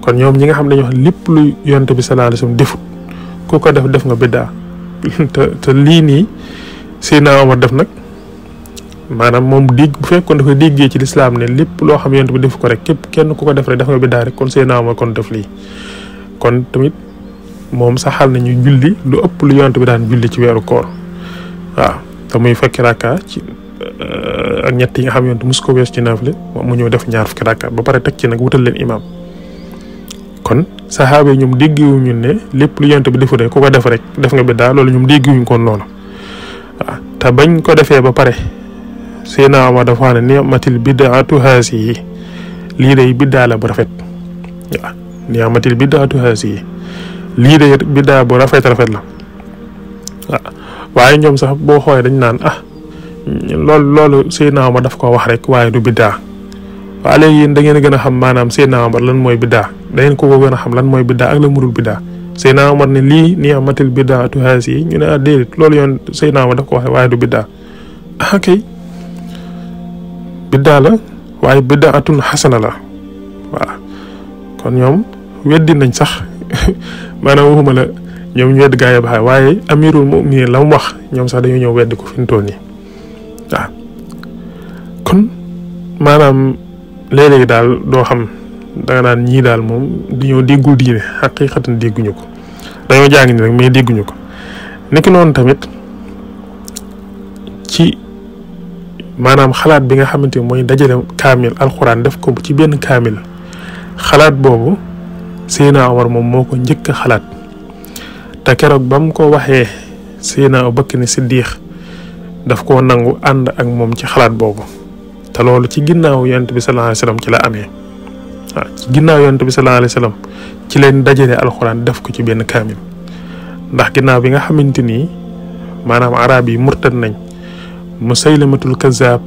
kon ñoom ñi nga xam ne dañuy wax lépp lu yonente bi sallallahu alayhi wasallam defut ku ko def def nga biddaa [LAUGHS] te lii nii Seydina def nag. manam moom dig bu fekkoon dafa digge ci l'islam ne lepp lo xam yentou bi def ko rek kep kenn ku ko def rek nga bi daari kon seen ma kon def li kon tamit moom saxal nañu julli lu upp lu yentou bi daan julli ci wéru koor wa ta muy fekk raka ci euh, ak ñett yi nga xam yentou musko wess wees ci naafle mu ñëw def ñaar fukki raka ba pare tek ci nak wutal leen imam kon ñum degge wu ñun ne lepp lu yentou bi defu rek ku ko def rek def nga bi daa loolu ñoom déggiwuñ kon noonu ta bañ ko defé ba pare Seydina Omar dafa wax ne ni'matil bid'atu haasihi lii day biddaa la bu rafet waaw ni'matil bid'atu haasihi lii day biddaa bu rafet rafet la waaye ñoom sax boo xoolee dañ naan ah loolu loolu Seydina Omar daf ko wax rek waaye du biddaa waaye léegi da ngeen gën a xam maanaam Seydina Omar lan mooy bidda da ngeen ko gën a xam lan mooy bidda ak la murul biddaa Seydina Omar ne lii ni'matil bid'atu haasihi ñu ne ah déedéet loolu yoon Seydina Omar daf ko wax waaye du biddaa ah, daa la waaye biddaatun xasana la voilà kon ñoom weddi nañ sax [LAUGHS] maanaam waxuma la ñoom ñu wedd gaay baxaay waaye amirul muminin la mu wax ñoom sax dañu ñëw weddi ko fi mu toll nii waaw kon maanaam léeg-léeg daal doo xam danga naan ñii daal moom dañoo déggul diine xaqiqatan dégguñu ko dañoo jàng ni rek mais dégguñu ko nekk noonu tamit ci Manam xalaat bi nga xamanteni moy dajale kamil alquran def ko ci ben kamil xalaat bobu Seydina Omar mom moko ko njëkk a xalaat te dafku ba mu ko waxee Seydina Abubakar ni Siddiq daf ko nangu and ak mom ci xalaat bobu ta lolu ci ginnaw yantu bi sallallahu alayhi wasallam ci la amé ci ginnaw yantu bi sallallahu alayhi wasallam ci leen dajale alquran def ko ci ben kamil ndax ginnaw bi nga xamanteni manam arab yi murtad nañ Musaylamatul Kazaab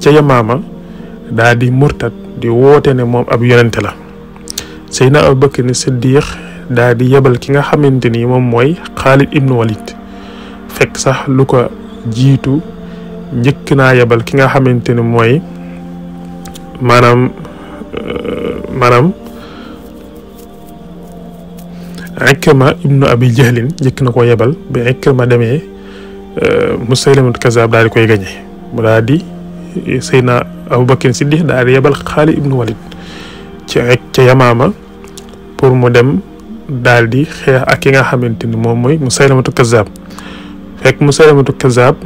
ca Yamaama daa di murtad di woote ne moom ab yonente la Seydina Abubakar ni Siddiq daa di yebal ki nga xamante ni moom mooy Xaalid ibnu Walid fekk sax lu ko jiitu njëkk naa yebal ki nga xamante ni mooy maanaam euh, maanaam Ikrima ibnu Abi Jahlin njëkk na ko yebal ba Ikrima demee Euh, Musaylimatul Kazzab daal di koy gañe mu daal di Seydina Abubakar Siddiq daal di yebal Xaalid ibnu Walid ca Yamaama pour mu dem daal di xeex ak ki nga xamante ni moom mooy Musaylimatul Kazzab fekk Musaylimatul Kazzab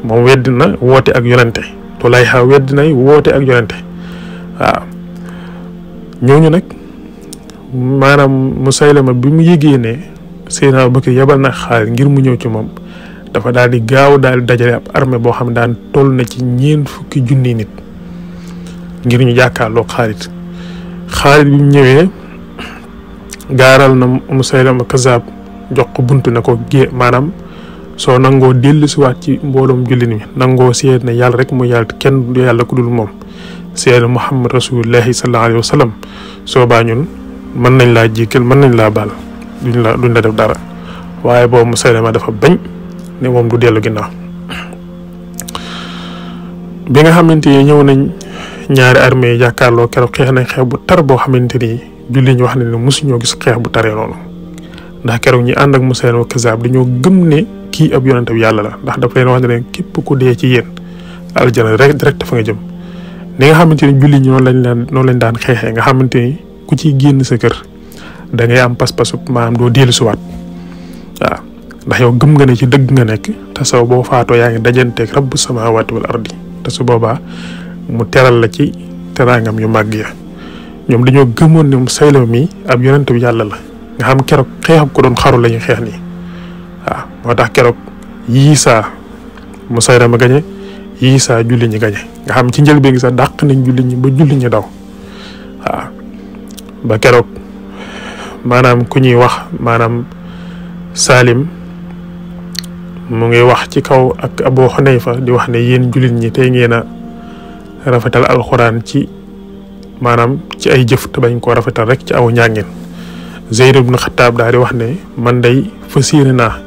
moom weddi woote ak yonente loolay xaw weddi nay woote ak yonente waaw ñooñu nag maanaam Musaylima bi mu yëgee ne Seydina Abubakar yebal na Xaalid ngir mu ñëw ci moom dafa daal di gaaw daal dajale ab armée boo xam daan toll na ci ñeent fukki junni nit ngir ñu jàkkaarloo Xaalid Xaalid bi ñëwee gaaral na Musaylama Kazaab jox ko buntu na ko gée maanaam soo nangoo dellu siwaat ci mbooloom jullit mi nangoo seet na yàll rek mooy yàlla kenn du yàlla ku dul moom seet Muhammad xam sallallahu alayhi wa sallam soo baa ñun mën nañ laa jiital mën nañ laa baal duñ la def dara waaye boobu Musaylama dafa bañ ne moom du dellu ginnaaw bi nga xamante ni ñëw nañ ñaari armée yi jàkkaarloo keroog xeex nañ xeex bu tar boo xamante ni julli ñu wax ne ne mosuñoo gis xeex bu taree noonu ndax keroog ñi ànd ak Musaa wa kazaab dañoo gëm ne kii ab yonent bi yàlla la ndax daf leen wax ne leen képp ku dee ci yéen aljana rek direct fa nga jëm ni nga xamante ni julli ñi noonu lañ daan noonu lañ daan xeexee nga xamante ni ku ciy génn sa kër dangay am pas-pasu maanaam doo dellusiwaat waaw ndax yow gëm nga ne ci dëgg nga nekk te soo boo faatoo yaa ngi dajanteeg rabbu samaawaati wal ardi te su boobaa mu teral la ci teraangam yu màgg ya ñoom dañoo gëmoon ne mu saylam mi ab yonent bi yàlla la nga xam keroog xeexam ko doon xaru la ñu xeex ni waaw moo tax keroog yiisaa mu saylama gañe yiisaa julli ñi gañe nga xam ci njëlbeen gi sax dàq nañ julli ñi ba julli ñi daw waaw ba keroog maanaam ku ñuy wax maanaam Salim mu ngi wax ci kaw ak Abu Xunayfa di wax ne yéen jullit ñi tey ngeen a rafetal alxuraan ci maanaam ci ay jëf te bañ koo rafetal rek ci aw ñàngin Zeyd ibn Xattaab daal di wax ne man day fas yéene naa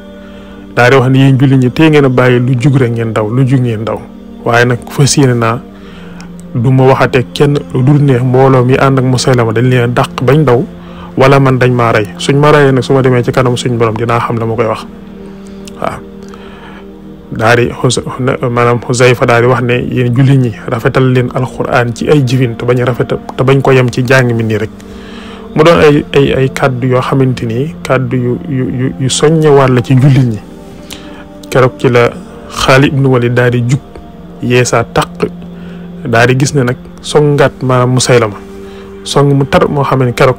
daal di wax ne yéen jullit ñi tey ngeen a bàyyi lu jug rek ngeen daw lu jug ngeen daw waaye nag fas yéene naa du ma waxate kenn lu dul ne mbooloo mi ànd ak Musaylama dañ leen dàq bañ daw wala man dañ maa rey suñ ma reyee nag su ma demee ci kanam suñ borom dinaa xam la ma koy wax waaw daa di maanaam Xuzayfa daa di wax ne yéen jullit ñi rafetal leen alquran ci ay jifin te bañ rafetal te bañ ko yem ci jàng mi nii rek mu doon ay ay ay kàddu yoo xamante ni kàddu yu yu yu soññewaat la ci jullit ñi keroog ci la Xaalid ibnu Walid daa di jug yeesaa taq daa di gis ne nag ngaat songaat maanaam Musaylama song mu tar moo xam ne keroog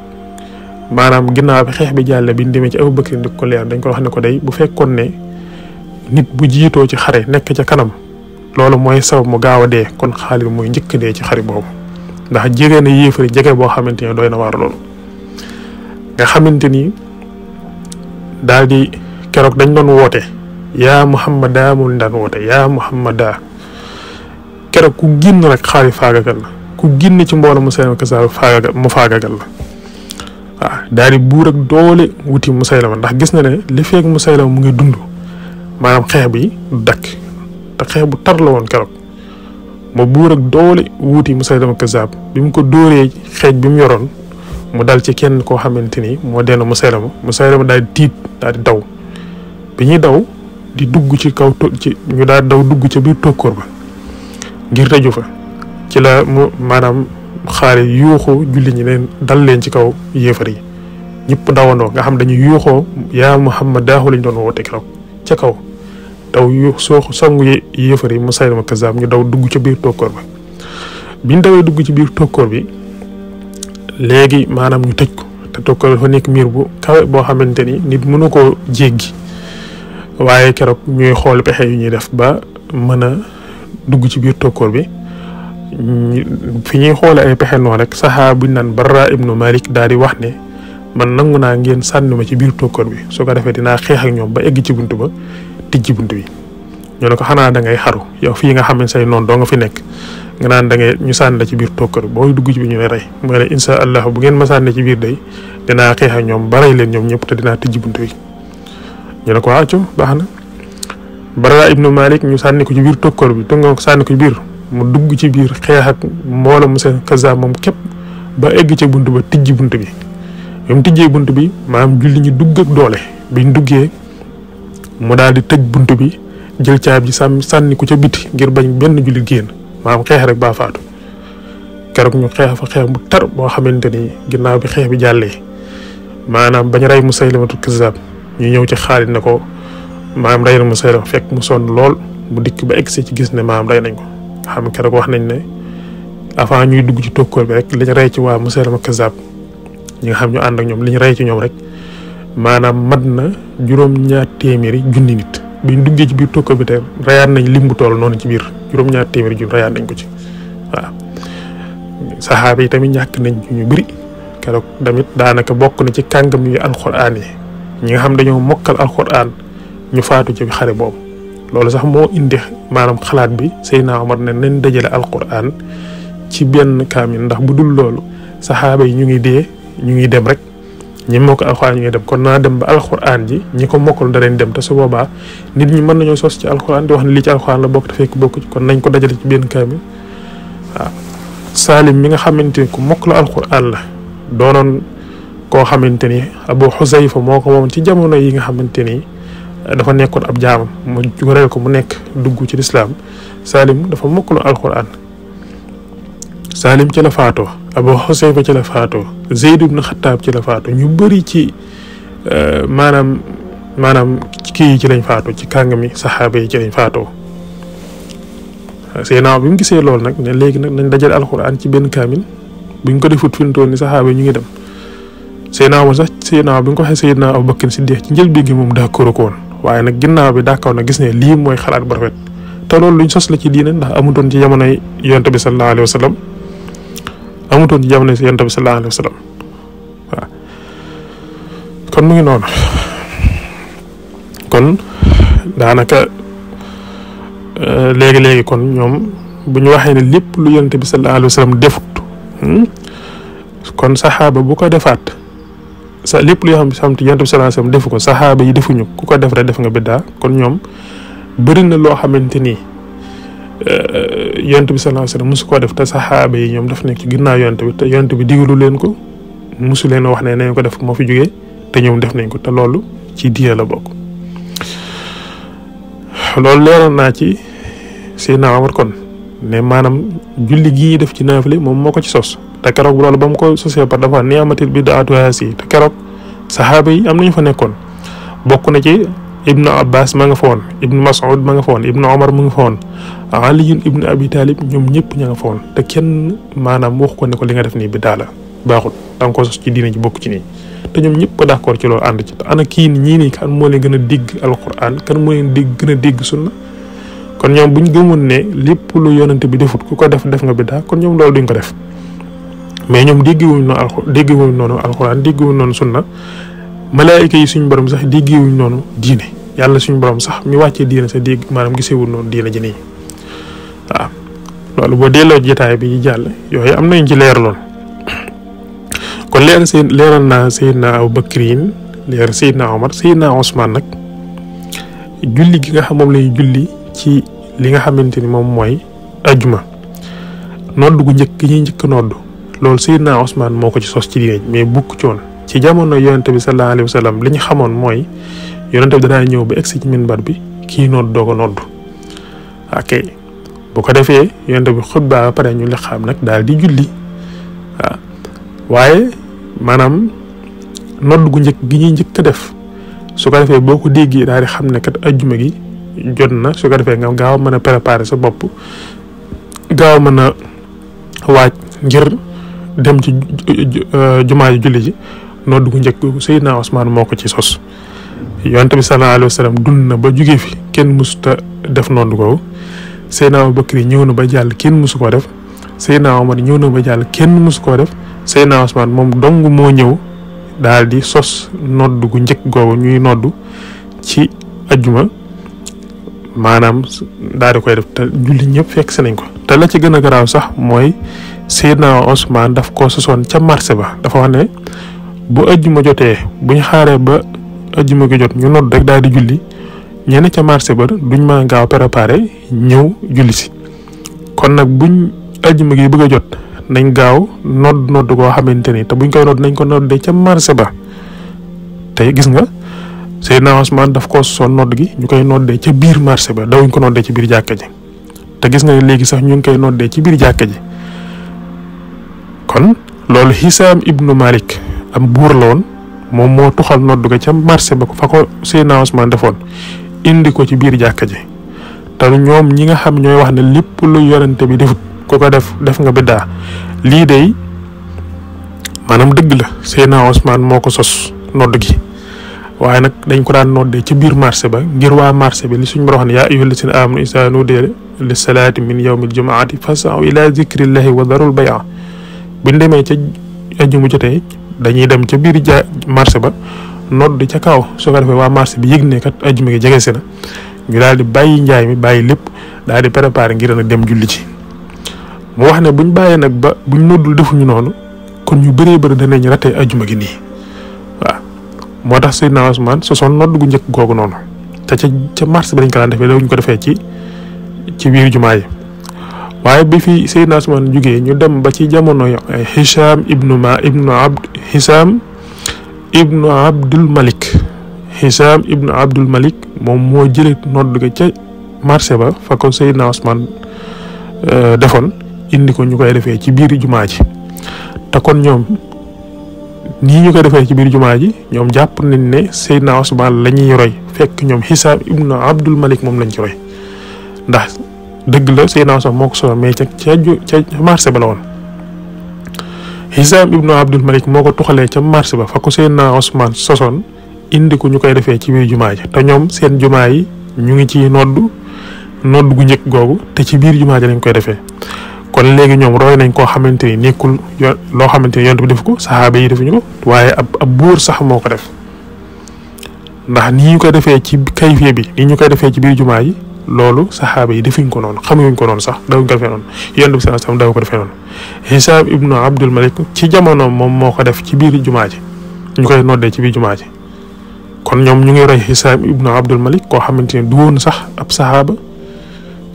maanaam ginnaaw bi xeex bi jàll bi ñu ci Abu Bakr di ko leer dañ ko wax ne ko day bu fekkoon ne. nit bu jiitoo ci xare nekk ca kanam loolu mooy sabab mu gaaw a dee kon Xaalid mooy njëkk de ci xare boobu ndax jege na yéefari jege boo xamante ne doy na waar nga xamante ni daal di keroog dañ doon woote yaa Muhammada mu daan woote yaa Muhammada keroog ku génn rek Xaalid faagagal la ku génn ci mboola mu seen kasaar mu faagagal la waaw daal di buur ak doole wuti Musaylama ndax gis na ne li feeg Musaylama mu ngi dund. maanaam xeex bi dakk te xeex bu tar la woon keroog ba buur ak doole wuuti Musaylima Kazaab bi mu ko dóoree xeej bi mu yoroon mu dal ci kenn koo xamante ni moo deen Musaylima Musaylima daal di tiit daal di daw bi ñuy daw di dugg ci kaw ci ñu daal daw dugg ci biir tokkoor ba ngir tëju fa ci la mu maanaam xaari yuuxu julli ñi leen dal leen ci kaw yéefar yi ñëpp dawandoo nga xam dañuy yuuxoo yaa Muhammad daaxu lañ doon woote keroog ca kaw daw yu soo songu yëfar yi Musaylima kazaab ñu daw dugg ci biir tokkoor ba biñ dawee dugg ci biir tokkoor bi léegi maanaam ñu tëj ko te tokkoor bi dafa nekk miir bu kawe boo xamante ni nit mënu koo jéggi waaye keroog ñuy xool pexe yu ñuy def ba mën a dugg ci biir tokkoor bi fi ñuy xoole ay pexe noonu rek saxaa buñ naan Barra ibnu Malik daal di wax ne man nangu naa ngeen sànni ma ci biir tokkoor bi soo ko defee dinaa xeex ñoom ba egg ci bunt ba tijji bunt bi ñu ne ko xanaa da ngay xaru yow fii nga xam ne say noonu doo nga fi nekk nga naan ñu sànni la ci biir tokkoor booy dugg ci bi ñu ne rey mu ne insha allah bu ngeen ma sànni ci biir day dinaa xeex ak ñoom ba rey leen ñoom ñëpp te dinaa tijji bunt bi ñu ne ko accu ah, baax na Barara ibnu Malik ñu sànni ko ci biir tokkoor bi tënga ko sànni ko biir mu dugg ci biir xeex ak mbooloo mu seen kaza moom képp ba egg ca bunt ba tijji bunt bi bi mu tijjee bunt bi maanaam julli ñi dugg ak doole biñ duggee mu daal di tëj bunt bi jël caab ji sàmm sànni ko ca biti ngir bañ benn julli génn maanaam xeex rek baa faatu keroog ñu xeex fa xeex bu tar boo xamante ni ginnaaw bi xeex bi jàllee maanaam bañ rey Musaylimatul Kazzaab ñu ñëw ci Xaalid ne ko maanaam rey na Musaylima fekk mu sonn lool mu dikk ba egg si ci gis ne maanaam rey nañ ko xam keroog wax nañ ne avant ñuy dugg ci tokkoor bi rek lañ rey ci waa Musaylima Kazzaab ñi nga xam ñu ànd ak ñoom li ñu rey ci ñoom rek maanaam mat na juróom-ñaar téeméeri junni nit bi ñu duggee ci biir tokko bi te nañ lim bu toll noonu ci biir juróom-ñaar téeméeri junni reyaat nañ ko ci waaw. saxaaba yi tamit ñàkk nañ ci ñu bëri keroog tamit daanaka bokk na ci kàngam yu alxuraan yi ñi nga xam dañoo mokkal alxuraan ñu faatu ci xare boobu loolu sax moo indi maanaam xalaat bi Seydina Omar ne nañ dajale alxuraan ci benn kaamil ndax bu dul loolu saxaaba yi ñu ngi dee. ñu ngi dem rek ñi mokk alxuraan ñu ngi dem kon naa dem ba alxuraan ji ñi ko mokkul danañ dem te su boobaa nit ñi mën nañoo sos ci alxuraan di wax ne lii ci alxuraan la bokk te fekk bokku ci nañ ko dajale ci benn kaamil waaw mi nga xamante ni ku mokk la alxuraan la doonoon koo xamante ni Abu fa moo ko moom ci jamono yi nga xamante ni dafa nekkoon ab jaamam mu jural ko mu nekk dugg ci lislaam Saalim dafa mokk la alxuraan Saalim ci la faatoo Abu Xusayfa ci la faatoo Zeyd na Xattaab ci la faatoo ñu bëri ci euh, maanaam maanaam kii yi ci lañ faatoo ci kàngami saxaaba yi ci lañ faatoo Seydina bi mu gisee loolu nag ne léegi nag nañ dajale alxuraan ci benn kaamil buñ ko defut fi mu toll ni saxaaba yi ñu ngi dem Seydina ba sax Seydina bi nga ko waxee Seydina Abu Bakr Siddiq ci njëlbéen gi moom d'accord ko woon waaye nag ginnaaw bi d'accord na gis ne lii mooy xalaat bu rafet lool loolu luñ sos la ci diine ndax amutoon ci jamonoy yonent bi sallallahu alayhi wa sallam amutoon ci jamono si bi sallallahu alayhi wa sallam kon mu ngi noonu kon daanaka euh, léegi-léegi kon ñoom bu ñu waxee ne lépp lu yonent bi sallallahu alayhi wa sallam defut hmm, kon saxaaba bu ko defaat sa lépp lu yoo xam ne sant yonent bi sallallahu alayhi wa sallam defu ko saxaaba yi defuñu ku ko def rek def nga biddaa kon ñoom bëri na loo xamante nii Euh, yonent bi sallallahu alayhi wasallam mosu koo def te saxaaba yi ñoom daf nekk ci ginnaaw yonent bi te yonent bi digalu leen ko mosu leen wax ne nañ ko def moo fi jógee te ñoom def nañ ko te loolu ci diya la bokk. loolu leeral naa ci Seydina Omar kon ne maanaam julli gii def ci naafile moom moo ko ci sos te keroog loolu ba mu ko sosee par dafa ni amatil bi daatu haasi te keroog saxaaba yi am nañu fa nekkoon bokk na ci Ibnu Abbas ma nga fa woon Ibnu Mas'ud ma nga fa woon Ibnu Omar mu nga fa woon ali ibn abi talib ñom ñëpp ña nga foon te kenn manam wax ko ne ko li nga def ni bi daala baaxut ko ci diina ji bokk ci ni te ñom ñëpp d'accord ci lo and ci ana ki ni nii kan mo leen gëna a digg alquran kan mo leen digg gëna a digg sunna kon ñom buñ gëmoon ne lepp lu yonante bi defut ku ko def def nga biddaa kon ñom loolu duñ ko def mais ñom diggi wuñ no alquran diggi wuñ no alquran diggi wuñ noonu sunna malaika yi suñu borom sax diggi wuñ noonu diine yalla suñu borom sax mi wacce diine sa dégg maanaam gisewul non diine ji waaw ah, loolu boo delloo jitaay bi jàll yooyu am nañ ci leer lool kon leer seen leeral naa Seydina Abu Bakrin leer seen Seydina Omar seen Seydina Ousmane nag julli gi nga xam moom lay julli ci li nga xamante ni moom mooy ajuma nodd gu njëkk gi ñuy njëkk nodd loolu Seydina Ousmane moo ko ci sos ci diine mais bukk ci woon ci jamono yonente bi sallallahu alayhi wa sallam li ñu xamoon mooy yonente bi danaa ñëw ba egsi ci minbar bi kii nodd doo ko nodd ok boo ko defee yonte bi xutba ba pare ñu liqaam nag daal di julli waaw waaye maanaam nodd gu njëkk gi ñuy njëkk a def su ko defee boo ko déggee daal di xam ne kat ajjuma gi jot na su ko defee nga gaaw a mën a préparer sa bopp gaaw a mën a waaj ngir dem ci euh, jumaa ji julli ji nodd gu njëkk Seydina Ousmane moo ko ci sos yonent bi sallallahu alayhi wa dund na ba jugee fi kenn musuta def nodd googu Seydina Bakri ñëw na ba jàll kenn mësu koo def Seydina Omar ñëw na ba jàll kenn mësu koo def Seydina Ousmane moom dong moo ñëw daal di sos nodd njëkk googu ñuy nodd ci ajjuma maanaam daal di koy def ñëpp fekk si nañ ko te la ci gën a garaaw sax mooy Seydina Ousmane daf ko sosoon ca marché ba dafa wax ne bu ajjuma jotee bu xaaree ba ajjuma gi jot ñu nodd rek daal di julli ñenn ca marché ba duñ mën a gaaw préparé ñëw julli si kon nag buñ ajjuma gi bëgg a jot nañ gaaw nodd nodd koo xamante ni te buñ koy nodd nañ ko noddee ca marché ba tey gis nga Seydina Ousmane ko soon nodd gi ñu koy noddee ca biir marché ba dawuñ ko noddee ci biir jàkka ji te gis nga léegi sax ñu ngi koy noddee ci biir jàkka ji kon loolu Hisaam ibnu Malik am buur la woon moom moo tuxal nodd ga ca marché ba fa ko Seydina Ousmane defoon indi ko ci biir jàkka ji te ñoom ñi nga xam ñooy wax ne lépp lu yorante bi defut ku ko def def nga biddaa lii dey maanaam dëgg la Seydina Ousmane moo ko sos nodd gi waaye nag dañ ko daan noddee ci biir marché ba ngir waa marché bi li suñ mën a wax ne yaa ayyuhal lazina aamanu izaa nuudiya li salaati min yawmil jumaati fasaw ila zikrillahi wa darul bay'a buñ demee ca aju mu jotee dañuy dem ca biir ja marché ba nodd ci kaw su ko defee waa marché bi yëg ne kat ajuma gi jege si na ñu daal di bàyyi njaay mi bàyyi lépp daal di préparer ngir nag dem julli ci mu wax ne buñ bàyyee nag ba buñ noddul defuñu noonu kon ñu bëree bëri danañ raté ajuma gi nii waaw moo tax Seydina Ousmane son nodd gu njëkk googu noonu te ca ca marché bi dañ ko daan defee ñu ko defee ci ci biir jumaa yi waaye bi fi Seydina Ousmane jugee ñu dem ba ci jamono Hisham ibnu ma ibnu abd Hisham ibnu abdul malik xisaam ibnu abdul malik moom moo jëlee nodd ga ca marché ba fa ko Seydina Ousmane euh, defoon indi ko ñu koy defee ci biir jumaa ji te kon ñoom ñi ñu koy defee ci biir jumaa ji ñoom jàpp nañ ne Seydina Ousmane la ñuy roy fekk ñoom xisaam ibnu abdul malik moom lañ ci roy ndax dëgg la Seydina Ousmane moo ko solo mais ca ca marché ba la woon Hisaam ibnu Abdul Malik moo ko tuxalee ca marché ba fa ko Seydina Ousmane sosoon indi ko ñu koy defee ci biir jumaa ja te ñoom seen jumaa yi ñu ngi ci nodd nodd gu njëkk googu te ci biir jumaa ji lañ koy defee kon léegi ñoom roy nañ koo xamante ni nekkul yo loo xamante ni yonent bi def ko saxaaba yi defuñu ko waaye ab ab buur sax moo ko def ndax ni ñu koy defee ci kayfee bi ni ñu koy defee ci biir jumaa yi lolu sahaba yi defuñ ko non xamuñ ko non sax dawuñ ko defee noonu yonent bi sallallahu wasallam daw ko defé ibnu abdul malik ci jamono mom moko def ci biir jumaaji ji ñu ci biir jumaaji kon ñom ñu ngi roy hisab ibnu abdul malik ko xamanteni du won sax ab sahaba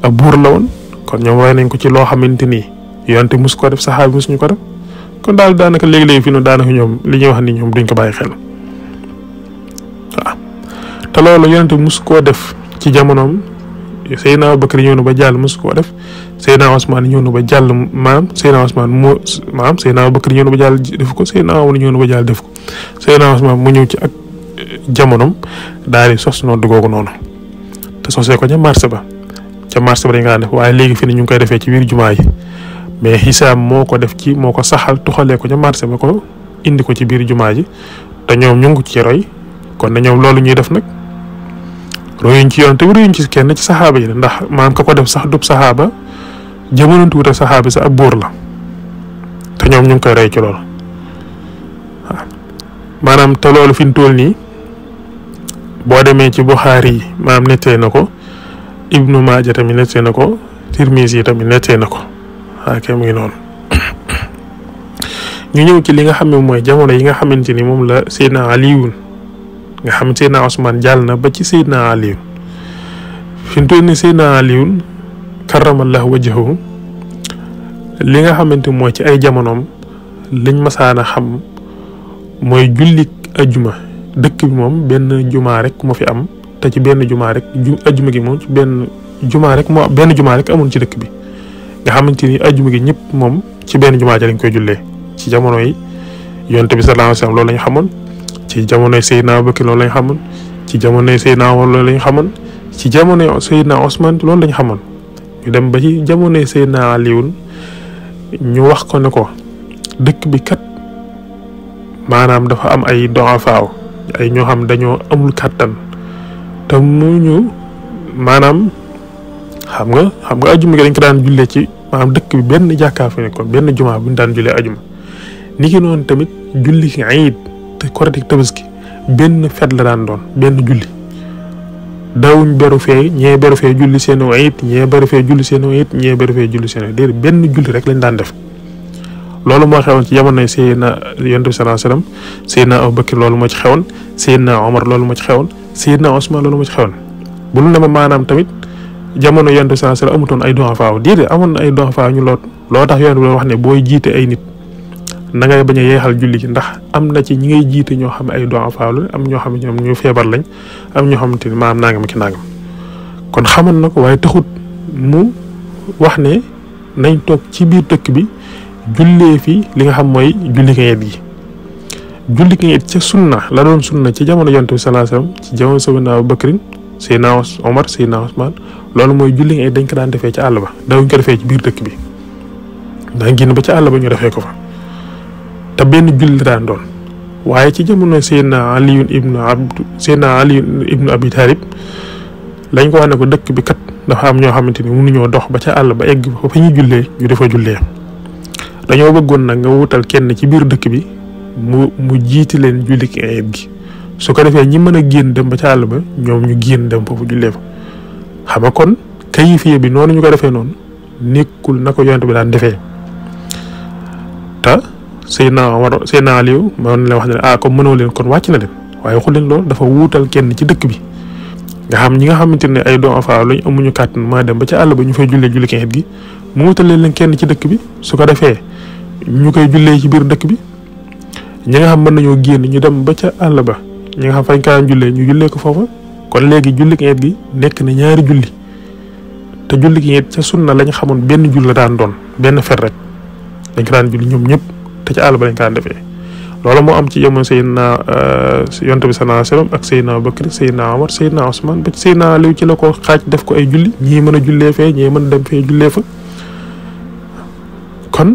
ab bur la won kon ñom roy nañ ko ci lo xamanteni yonte mus ko def sahaba mus ñu ko def kon daal daanaka leg leg fi nu daanaka ñom li ñu wax ni ñom duñ ko bayyi xel ta lolu yonte mus ko def ci jamono Seydina Abubakar ñëw na ba jàll mosu koo def Seydina Ousmane ñëw na ba jàll maam Seydina Ousmane moo maam Seydina Abubakar ñëw na ba jàll def ko Seydina Omar ñëw na ba jàll def ko Seydina Ousmane mu ñëw ci ak eh, jamonom daal di sos noonu dugoogu noonu te sosee ko ca marché ba ca marché ba dañ kaa def waaye léegi fi ne ñu ngi koy defee ci biir jumaa yi mais xisaam moo ko def ci moo ko saxal tuxalee ko ca marché ba ko indi ko ci biir jumaa ji te ñoom ñu ko ci roy kon na ñoom loolu ñuy def nag royuñ ci yonent bi royuñ ci kenn ci saxaaba yi ndax maanaam ka ko def sax dub saxaaba jamono tuuti saxaaba sa ab buur la te ñoom ñu ngi koy rey ci loolu maanaam te loolu fi mu toll nii boo demee ci Buxaari yi maanaam nettee na ko Ibnu Maaja tamit nettee na ko Tirmisi yi tamit nettee na ko waaw kay mu ngi noonu [COUGHS] ñu ñëw ci li nga xam mooy jamono yi nga xamante ni moom la Seydina Aliyun nga xam Seydina Ousmane jàll na ba ci Seydina Aliou fi mu toll nii Seydina Aliou karamallahu wajhahu li nga xamante mooy ci ay jamonoom liñ masaan a xam mooy julli ajuma dëkk bi moom benn jumaa rek moo fi am te ci benn jumaa rek gi moom ci rek moo benn jumaa rek amoon ci dëkk bi nga xamante ni ajjuma gi ñëpp moom ci benn jumaa ja lañ koy jullee ci jamono yi yonte bi sallallahu alayhi wasallam loolu lañ xamoon ci jamonoy Seydina Bakir loolu lañ xamoon ci jamonoy Seydina Omar loolu lañ xamoon ci jamonoy Seydina Ousmane loolu lañ xamoon ñu dem ba ci jamonoy Seydina Alioune ñu wax ko ne ko dëkk bi kat maanaam dafa am ay doxafaaw ay ñoo xam dañoo amul kàttan te mu ñu maanaam xam nga xam nga ajuma gi dañ ko daan jullee ci maanaam dëkk bi benn jàkkaar fi nekkoon benn jumaa bu ñu daan jullee ajuma niki noonu tamit julli ci ayit te korite tabaski benn fet la daan doon benn julli daawuñ beru fee ñee beru fee julli seen it ñee beru fee julli seen it ñee julli seen déedéet benn julli rek lañ daan def loolu moo xewoon ci jamonoy Seydina Yonent bi sallallahu alayhi wasallam Seydina Abubakar loolu moo ci xewoon Seydina Omar loolu moo ci xewoon Seydina Osman loolu moo ci xewoon bu lu ne ma maanaam tamit jamono Yonent bi sallallahu alayhi amutoon ay doxafaaw déedéet amoon na ay doxafaaw ñu loot tax Yonent bi wax ne booy jiite ay nit nangay ngay bañ a yeexal julli ci ndax am na ci ñi ngay jiite ñoo xam ne ay doo faawlu am ñoo xam ne ñoom ñu feebar lañ am ñoo xamante ni maam nangam ki nangam kon xamoon na ko waaye taxut mu wax ne nañ toog ci biir dëkk bi jullee fi li nga xam mooy julli kayit gi julli kayit ca sunna la doon sunna ci jamono yonte bi sallallahu alayhi wasallam ci jamono Sayyidina Abu Bakrin Sayyidina Omar Sayyidina Usman loolu mooy julli kayit dañ ko daan defee ci àll ba dawuñ ko defee ci biir dëkk bi daan génn ba ci àll ba ñu defee ko fa te benn jullit daan doon waaye ci jamono Seydina Aliyun ibnu Abdu Seydina ko wax ne ko dëkk bi kat dafa am ñoo xamante ni mënuñoo dox ba ca àll ba egg ba fa ñuy jullee ñu dafa jullee dañoo bëggoon nag nga wutal kenn ci biir dëkk bi mu mu jiiti leen julli ki ayit gi su ko defee ñi mën a génn dem ba ca àll ba ñoom ñu génn dem foofu jullee fa xam nga kon kayifiye bi noonu ñu ko defee noonu nekkul na ko yonent bi daan defee te Seydina Omar Seydina Aliou ma leen a ne ah comme mënoo leen kon wàcc na leen waaye waxu leen dafa wuutal kenn ci dëkk bi. nga xam ñi nga xamante ne ay doomu faaw lañ amuñu kàttan maa dem ba ca àll ba fay jullee julli kenn gi mu wuutal leen kenn ci dëkk bi su ko defee ñu koy jullee ci biir dëkk bi ñi nga xam mën nañoo génn ñu dem ba ca àll ba ñi nga xam fañ kaayam jullee ñu jullee ko foofa kon léegi julli kenn gi nekk na ñaari julli. te julli gi it ca sunna lañ xamoon benn jull la daan doon benn fet rek dañ ko daan julli ñoom ñëpp te ci àll ba lañ kaan moo am ci jamono Seydina euh, yonte bi sallallahu alayhi wasallam ak Seydina Abubakar Seydina Omar ci la ko xaaj def ko ay julli ñii mën a jullee fee ñii mën a dem fee jullee fa kon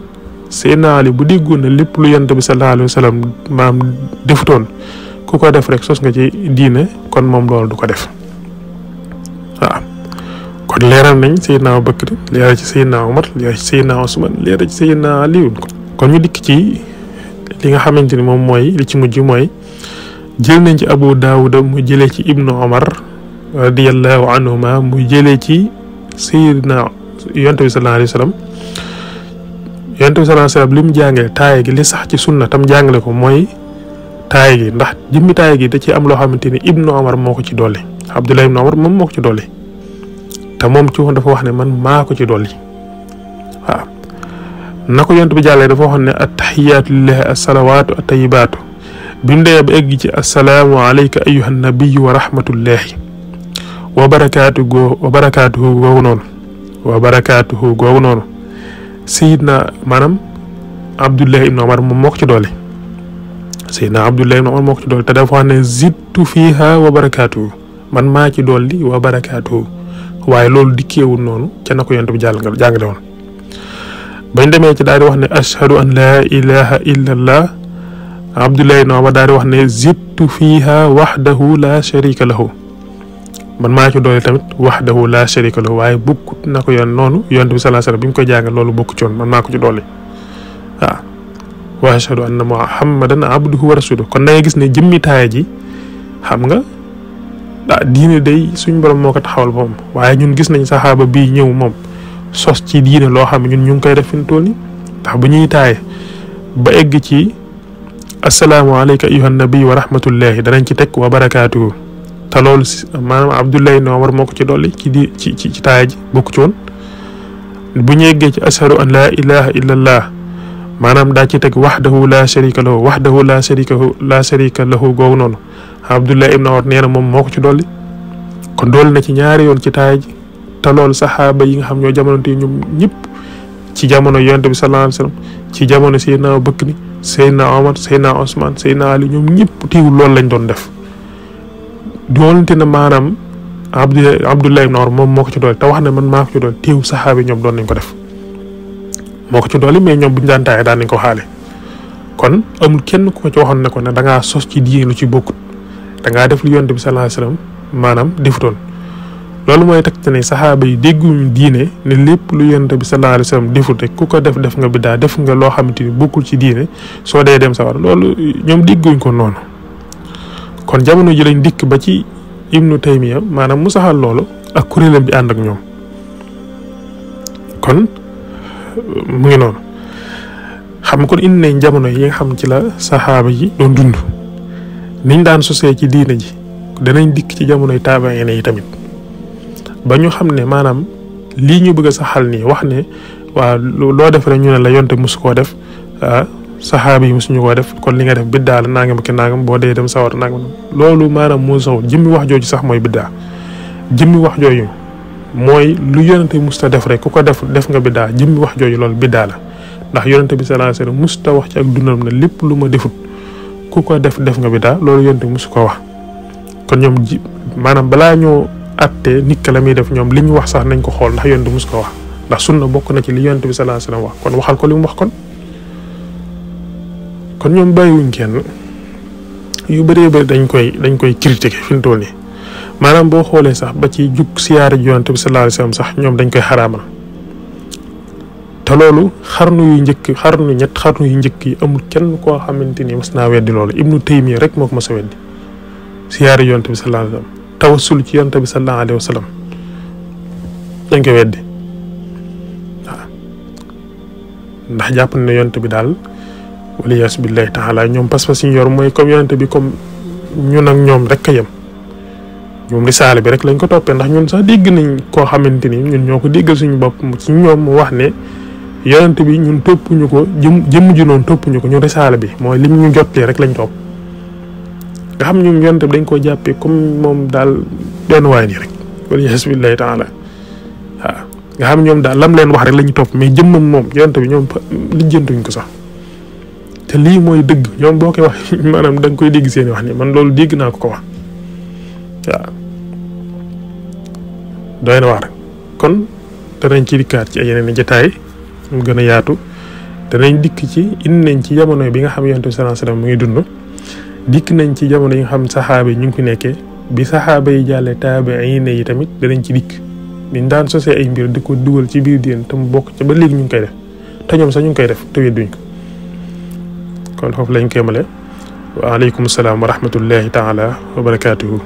Seydina Aliou bu déggoon na lépp lu yonte bi sallallahu alayhi wasallam maam defutoon ku ko def rek sos nga ci diine kon moom loolu du ko def waaw kon leeral nañ Seydina Abubakar leeral ci Seydina Omar leeral ci ci Seydina Aliou kon kon dikk ci li nga xamante ni moom mooy li ci mujj mooy jël nañ ci abu daawuda mu jëlee ci ibnu omar radiallahu anhuma mu jëlee ci sayidna yonte bi sallallahu alayhi wa yonte bi sallallahu alayhi wa sallam li mu jàngale taaye gi li sax ci sunna tam jàngale ko mooy taaye gi ndax jëmmi taaye gi da ci am loo xamante ni ibnu omar moo ko ci dolli abdullah ibnu omar moom moo ko ci doole te moom ci woon dafa wax ne man maa ko ci dolli waaw na ko yonent bi jàllee dafa waxoon ne attaxiyaatu lillahi assalawaatu attayibaatu bi mu dee ba egg ci assalaamu alayka ayuha nabiyu wa rahmatullahi wa barakaatu goo wa noonu wa barakaatuhu googu noonu sayidna maanaam abdullahi ibn omar moom moo ko ci doole sayidna abdullahi ibn omar moo ko ci doole te dafa wax zittu fiiha wa barakaatuhu man maa ci dolli wa barakaatuhu waaye loolu dikkeewul noonu ca na ko yonent bi jàll bañ demee ci daal di wax ne ashhadu an la ilaha illa allah abdullahi no ba daal wax ne zittu fiiha waxdahu laa sharika lahu man maa ci doole tamit waxdahu la sharika lahu waaye bukk na ko yoon noonu yoon bi salaa salaam bi mu koy jàngal loolu bokk ci woon man maa ko ci doole waaw wa ashhadu anna muhammadan abduhu wa rasuluhu kon da gis ne jëmmi taaya ji xam nga ah diine day suñ borom moo ko taxawal moom waaye ñun gis nañ saxaaba bii ñëw moom sos ci diine loo xam ne ñun ñu ngi koy def fi mu toll bu ñuy taaye ba egg ci asalaamaaleyka ayyuhan nabi wa rahmatullahi danañ ci teg wa barakaatuhu te loolu maanaam Abdullahi ibn Omar moo ko ci dolli ci di ci ci taaya ji bokk ci woon bu ñu eggee ci ashadu an laa ilaha illallah maanaam daa ci teg waxdahu laa sharika lahu waxdahu laa sharika laa sharika lahu noonu Abdullahi ibn nee moom moo ko ci dolli kon dolli na ci ñaari yoon ci taaya ji te loolu saxaaba yi nga xam ñoo jamono tii ñoom ñëpp ci jamono yonent bi sallallahu alayhi wasallam ci jamono Seydina Bakr ni Seydina Omar Seydina Ousmane Seydina Ali ñoom ñëpp teewul loolu lañ doon def doonte na maanaam Abdou Abdoulaye ibn Umar moom moo ci doole te wax ne man maa ko ci doole teew saxaaba yi ñoom doon nañ ko def moo ko ci doole mais ñoom bu ñu daan taayee daan nañ ko xaale kon amul kenn ku ko ci waxoon ne ne da ngaa ci diine lu ci bokkut da ngaa def lu yonent bi sallallahu alayhi wasallam maanaam defutoon loolu mooy teg ci ne saxaaba yi dégguñu diine ne lépp lu yonent bi sallallahu alayhi wasallam defut rek ku ko def def nga biddaa def nga loo xamante ni bokkul ci diine soo dee dem sawar loolu ñoom dégguñ ko noonu. kon jamono ji lañ dikk ba ci ibnu taymiya maanaam mu saxal loolu ak kuréelam bi ànd ak ñoom kon mu ngi noonu xam kon indi nañ jamono yi nga xam ci la saxaaba yi doon dund niñ daan sosee ci diine ji danañ dikk ci jamonoy taabaayene yi tamit. ba ñu xam ne maanaam lii ñu bëgg sa saxal nii wax ne waa loo def rek ñu ne la yonte mosu koo def ah saxaaba yi mosuñu koo def kon li nga def biddaa la nangam ki nangam boo dee dem sawar nangam loolu maanaam moo saxul wax jooju sax mooy biddaa jëmmi wax jooju mooy lu yonente musta def rek ku ko def def nga biddaa jëmmi wax jooju loolu biddaa la ndax yonente bi sallallahu alayhi wasallam musta wax ci ak dundam ne lépp lu ma defut ku ko def def nga biddaa loolu yonente musu koo wax kon ñoom ji maanaam balaa ñoo atte nit ka la def ñoom li ñu wax sax nañ ko xool ndax yonent mos ko wax ndax sunna bokk na ci li bi sallallahu alayhi wasallam wax kon waxal ko li mu wax kon kon ñoom bàyyiwuñ kenn yu bëree bëri dañ koy dañ koy critiquer fi mu toll nii maanaam boo xoolee sax ba ci jug siyaare yonent bi sallallahu alayhi sax ñoom dañ koy xaraamal te loolu xarnu yu njëkk xarnu ñett xarnu yu njëkk amul kenn koo xamante ni mas naa weddi loolu ibnu taymiya rek moo ko mas a weddi siyaare yonent bi sallallahu alayhi tawasul ci yonent bi sallallahu alayhi wa sallam dañ ko weddi waaw ndax jàpp na ne yonent bi daal wala yaas billahi taala ñoom pas-pas yi ñu yor mooy comme yonent bi comme ñun ak ñoom rek a yem ñoom risaale bi rek lañ ko toppee ndax ñun sax dégg nañ koo xamante ni ñun ñoo ko déggal suñu bopp ci ñoom mu wax ne yonent bi ñun toppuñu ko jëm jëmm ji noonu toppuñu ko ñun risaale bi mooy lim ñu jottee rek lañ topp. nga xam ñun yonent bi dañ koo jàppee comme moom daal benn waay nii rek wala yasbillahi taala waaw nga xam ñoom daal lam leen wax rek la ñu topp mais jëmmam moom yonent bi ñoom lijjantuñ ko sax te lii mooy dëgg ñoom boo koy wax [LAUGHS] maanaam da koy dégg seen wax ni man loolu dégg naa ko ko wax waaw doy wax rek kon danañ ci dikkaat ci ay yeneen i jataay mu gën a yaatu danañ dikk ci indi nañ ci jamono bi nga xam yonent bi sallallahu mu ngi dund dikk nañ ci jamono yi nga xam saxaaba yi ñu ngi fi nekkee bi saxaaba yi jàllee taabi'iin yi tamit danañ ci dikk niñ daan sosee ay mbir di ko dugal ci biir diine te mu bokk ca ba léegi ñu ngi koy def te ñoom sax ñu ngi koy def te wedduñ ko kon foofu lañ koy yemale waaleykum salaam wa rahmatullahi taala wa barakaatuhu